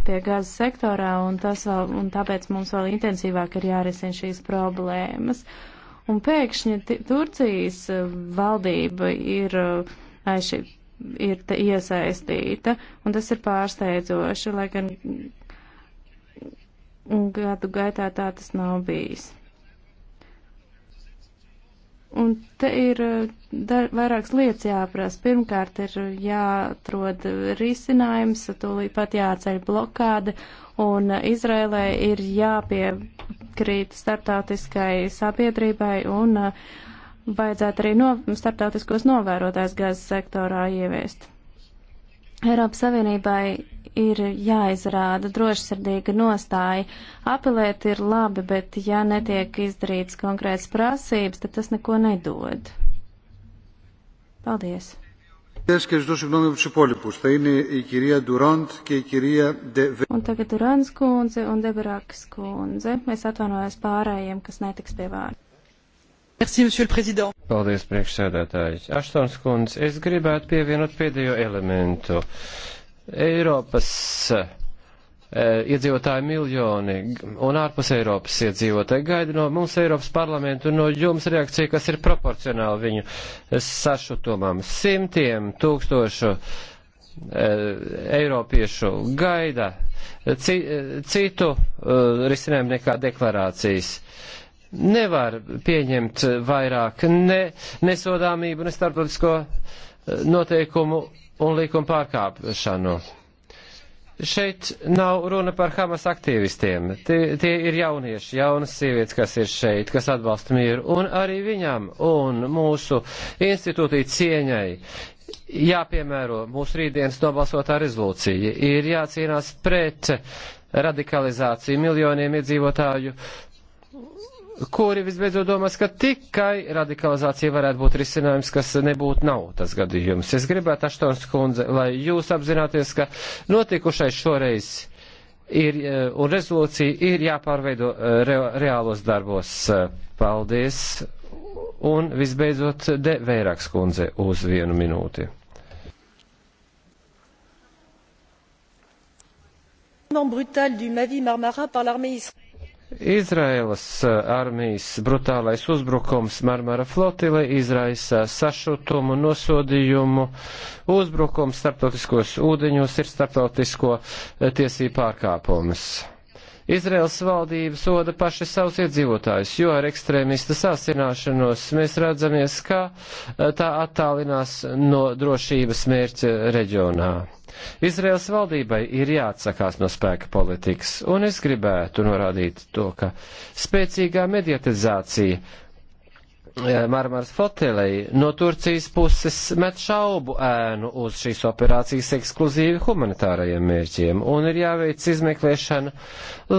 Speaker 3: pie gazas sektorā, un, vēl, un tāpēc mums vēl intensīvāk ir jārisina šīs problēmas. Un pēkšņi Turcijas eh, valdība ir, aiši, ir iesaistīta, un tas ir pārsteidzoši, lai gan mm, gadu gaitā tā tas nav bijis. Un te ir eh, dar, vairākas lietas jāprasa. Pirmkārt, ir jāatrod risinājums, tūlīt pat jāceļ blokāde, un Izrēlē ir jāpiekrīt starptautiskai sabiedrībai, un eh, vajadzētu arī no, starptautiskos novērotājs gazas sektorā ieviest. Eiropas Savienībai ir jāizrāda drošsirdīga nostāja. Apelēt ir labi, bet ja netiek izdarīts konkrēts prasības, tad tas neko nedod. Paldies.
Speaker 1: E
Speaker 2: un
Speaker 3: tagad Durants kundze un Deberakas kundze. Es atvainojos pārējiem, kas netiks pie vārda. Merci, monsieur le président.
Speaker 2: Paldies, priekšsēdētājs. Aštons kundz, es gribētu pievienot pēdējo elementu. Eiropas eh, iedzīvotāji miljoni un ārpus Eiropas iedzīvotāji gaida no mums Eiropas parlamentu un no jums reakcija, kas ir proporcionāla viņu sašutumam. Simtiem tūkstošu eh, eiropiešu gaida citu eh, risinājumu nekā deklarācijas nevar pieņemt vairāk ne nesodāmību, ne starptautisko eh, noteikumu un likumu pārkāpšanu. Šeit nav runa par Hamas aktīvistiem. Tie, tie ir jaunieši, jaunas sievietes, kas ir šeit, kas atbalsta mieru. Un arī viņam un mūsu institūtī cieņai jāpiemēro mūsu rītdienas nobalsotā rezolūcija. Ir jācīnās pret radikalizāciju miljoniem iedzīvotāju kuri visbeidzot domās, ka tikai radikalizācija varētu būt risinājums, kas nebūtu nav tas gadījums. Es gribētu, Aštons kundze, lai jūs apzināties, ka notikušais šoreiz ir, eh, un rezolūcija ir jāpārveido eh, re, reālos darbos. Paldies. Un visbeidzot, De Vērāks kundze uz vienu minūti.
Speaker 3: brutal du Mavi Marmara par l'armée israélienne
Speaker 2: Izraēlas uh, armijas brutālais uzbrukums Marmara flotile izraisa sašutumu, nosodījumu. Uzbrukums starptautiskos ūdeņos ir starptautisko uh, tiesību pārkāpums. Izraels valdība soda paši savus iedzīvotājus, jo ar ekstrēmista sāsināšanos mēs redzamies, ka eh, tā attālinās no drošības mērķa reģionā. Izraels valdībai ir jāatsakās no spēka politikas, un es gribētu norādīt to, ka spēcīgā mediatizācija Marmaras flotilei no Turcijas puses met šaubu ēnu uz šīs operācijas ekskluzīvi humanitārajiem mērķiem, un ir jāveic izmeklēšana,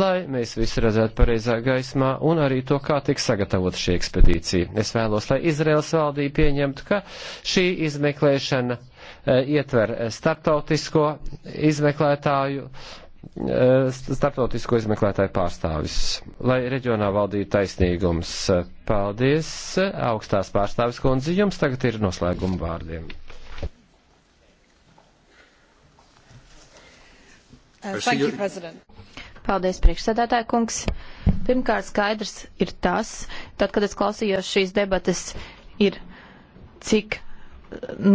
Speaker 2: lai mēs visu redzētu pareizā gaismā, un arī to, kā tiks sagatavota šī ekspedīcija. Es vēlos, lai Izraels valdība pieņemtu, ka šī izmeklēšana e, ietver eh, starptautisko izmeklētāju Eh, starptautisko izmeklētāju pārstāvis, lai reģionā valdītu taisnīgums. Paldies, augstās pārstāvis kundze, jums tagad ir noslēguma vārdiem.
Speaker 4: Uh, you, Paldies, priekšsēdētāja kungs. Pirmkārt, skaidrs ir tas, tad, kad es klausījos šīs debates, ir cik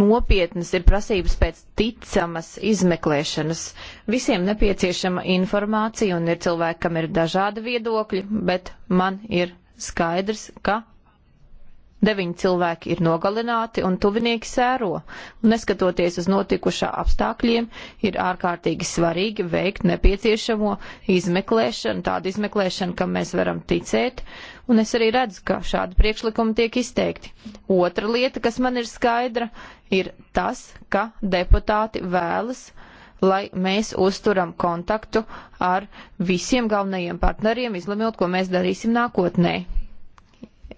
Speaker 4: nopietnas ir prasības pēc ticamas izmeklēšanas. Visiem nepieciešama informācija un ir cilvēki, kam ir dažādi viedokļi, bet man ir skaidrs, ka Deviņi cilvēki ir nogalināti un tuvinieki sēro. Un neskatoties uz notikušā apstākļiem, ir ārkārtīgi svarīgi veikt nepieciešamo izmeklēšanu, tādu izmeklēšanu, kam mēs varam ticēt. Un es arī redzu, ka šādi priekšlikumi tiek izteikti. Otra lieta, kas man ir skaidra, ir tas, ka deputāti vēlas lai mēs uzturam kontaktu ar visiem galvenajiem partneriem, izlemjot, ko mēs darīsim nākotnē.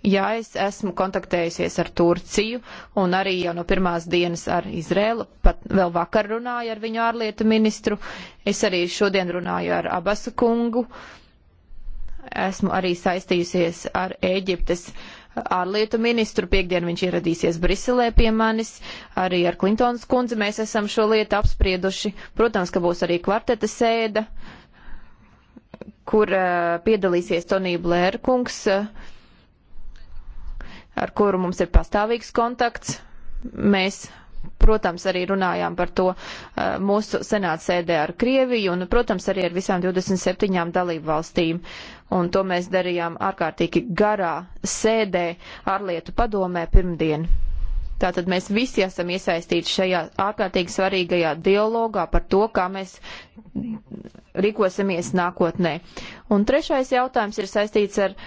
Speaker 4: Jā, es esmu kontaktējusies ar Turciju un arī jau no pirmās dienas ar Izrēlu, pat vēl vakar runāju ar viņu ārlietu ministru, es arī šodien runāju ar Abasu kungu, esmu arī saistījusies ar Ēģiptes ārlietu ministru. Piektdien viņš ieradīsies Briselē pie manis. Arī ar Klintons kundzi mēs esam šo lietu apsprieduši. Protams, ka būs arī kvarteta sēda, kur uh, piedalīsies Tonija Blērkungs. Uh, eh, ar kuru mums ir pastāvīgs kontakts. Mēs, protams, arī runājām par to eh, mūsu senāts sēdē ar Krieviju un, protams, arī ar visām 27 dalību valstīm. Un to mēs darījām ārkārtīgi garā sēdē ārlietu padomē pirmdien. Tātad mēs visi esam iesaistīti šajā ārkārtīgi svarīgajā dialogā par to, kā mēs rīkosimies nākotnē. Un trešais jautājums ir saistīts ar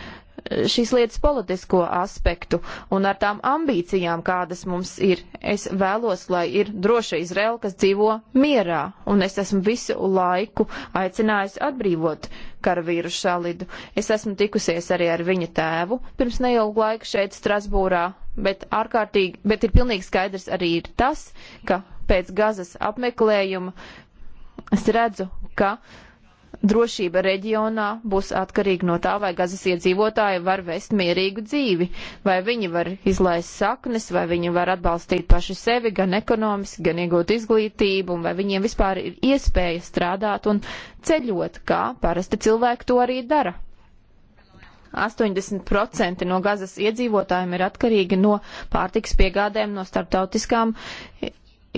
Speaker 4: šīs lietas politisko aspektu un ar tām ambīcijām, kādas mums ir. Es vēlos, lai ir droša Izraela, kas dzīvo mierā, un es esmu visu laiku aicinājusi atbrīvot karavīru Šalidu. Es esmu tikusies arī ar viņa tēvu pirms neilgu laiku šeit Strasbūrā, bet ārkārtīgi, bet ir pilnīgi skaidrs arī ir tas, ka pēc gazas apmeklējuma es redzu, ka uh, drošība reģionā būs atkarīga no tā, vai gazas iedzīvotāji var vest mierīgu dzīvi, vai viņi var izlaist saknes, vai viņi var atbalstīt paši sevi gan ekonomiski, gan iegūt izglītību, un vai viņiem vispār ir iespēja strādāt un ceļot, kā parasti cilvēki to arī dara. 80% no gazas iedzīvotājiem ir atkarīgi no pārtiks piegādēm no starptautiskām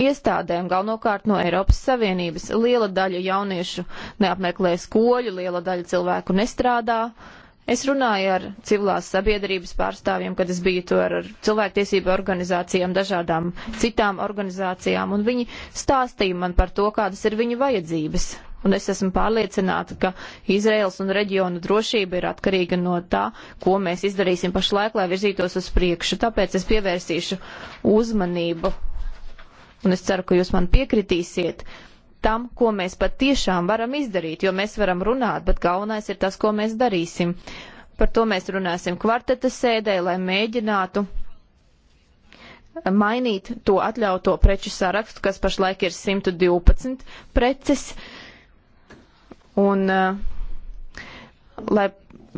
Speaker 4: iestādēm, galvenokārt no Eiropas Savienības. Liela daļa jauniešu neapmeklē skoļu, liela daļa cilvēku nestrādā. Es runāju ar civilās sabiedrības pārstāvjiem, kad es biju tur ar cilvēktiesību organizācijām, dažādām citām organizācijām, un viņi stāstīja man par to, kādas ir viņu vajadzības. Un es esmu pārliecināta, ka Izraels un reģiona drošība ir atkarīga no tā, ko mēs izdarīsim pašlaik, lai virzītos uz priekšu. Tāpēc es pievērsīšu uzmanību un es ceru, ka jūs man piekritīsiet tam, ko mēs patiešām varam izdarīt, jo mēs varam runāt, bet galvenais ir tas, ko mēs darīsim. Par to mēs runāsim kvarteta sēdē, lai mēģinātu mainīt to atļauto preču sarakstu, kas pašlaik ir 112 preces. Un, uh, lai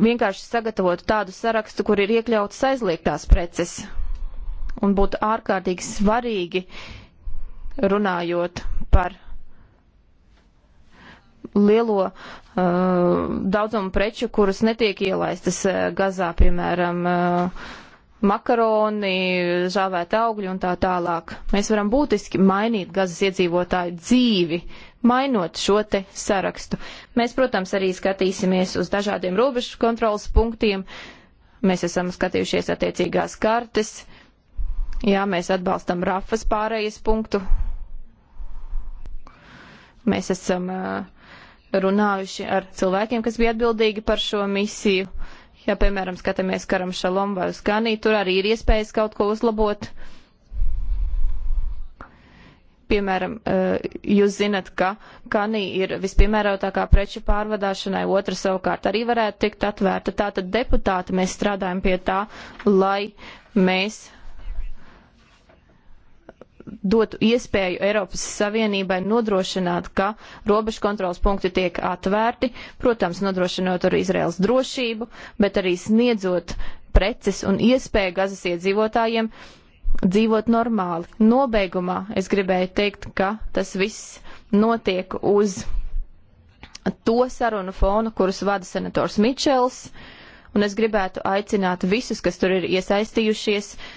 Speaker 4: vienkārši sagatavotu tādu sarakstu, kur ir iekļautas aizliegtās preces. Un būtu ārkārtīgi svarīgi uh, runājot par lielo uh, daudzumu preču, kuras netiek ielaistas uh, Gazā, piemēram, uh, makaroni, žāvēta augļi un tā tālāk. Mēs varam būtiski mainīt Gazas iedzīvotāju dzīvi, mainot šo te sarakstu. Mēs, protams, arī skatīsimies uz dažādiem robežu kontrolas punktiem. Mēs esam skatījušies attiecīgās kartes. Jā, mēs atbalstam Rafas pārējais punktu Mēs esam runājuši ar cilvēkiem, kas bija atbildīgi par šo misiju. Ja, piemēram, skatāmies Karam Šalom vai uz Ganī, tur arī ir iespējas kaut ko uzlabot. Piemēram, jūs zinat, ka Kanī ir vispiemērotākā preču pārvadāšanai, otra savukārt arī varētu tikt atvērta. Tātad deputāti mēs strādājam pie tā, lai mēs dotu iespēju Eiropas Savienībai nodrošināt, ka robežu kontrols punkti tiek atvērti, protams, nodrošinot arī Izraels drošību, bet arī sniedzot preces un iespēju gazas iedzīvotājiem dzīvot normāli. Nobeigumā es gribēju teikt, ka tas viss notiek uz to sarunu fonu, kurus vada senators Mičels, un es gribētu aicināt visus, kas tur ir iesaistījušies, uh,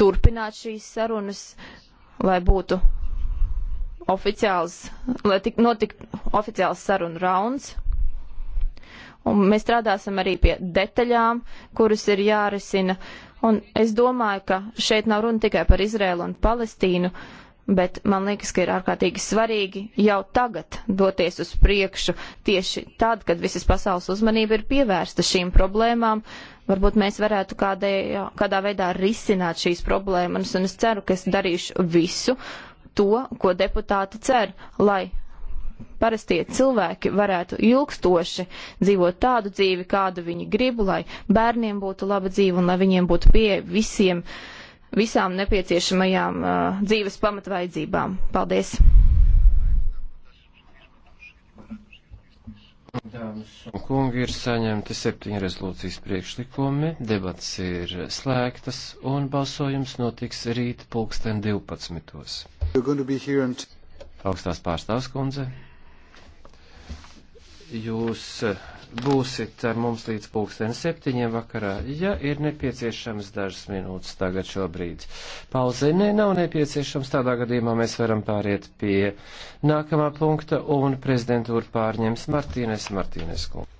Speaker 4: turpināt šīs sarunas, lai būtu oficiāls, lai tik notiktu oficiāls sarunu rauns. Un mēs strādāsim arī pie detaļām, kuras ir jārisina. Un es domāju, ka šeit nav runa tikai par Izrēlu un Palestīnu. Uh, bet man liekas, ka ir ārkārtīgi svarīgi jau tagad doties uz priekšu, tieši tad, kad visas pasaules uzmanība ir pievērsta šīm problēmām. Varbūt mēs varētu kādē, kādā veidā risināt šīs problēmas, un es ceru, ka es darīšu visu to, ko deputāti cer, lai parastie cilvēki varētu ilgstoši dzīvot tādu dzīvi, kādu viņi grib, lai bērniem būtu laba dzīve un lai viņiem būtu pieeja visiem uh, visām nepieciešamajām uh, dzīves pamatvaidzībām. Paldies!
Speaker 2: Kungi ir saņemti septiņi rezolūcijas priekšlikumi, debats ir slēgtas un balsojums notiks rīt pulksten 12.
Speaker 1: And...
Speaker 2: Augstās pārstāvs kundze, jūs būsit ar mums līdz pulksten septiņiem vakarā, ja ir nepieciešams dažas minūtes tagad šobrīd. Pauzē ne, nav nepieciešams, tādā gadījumā mēs varam pāriet pie nākamā punkta un prezidentūru pārņems Martīnes Martīnes kungs.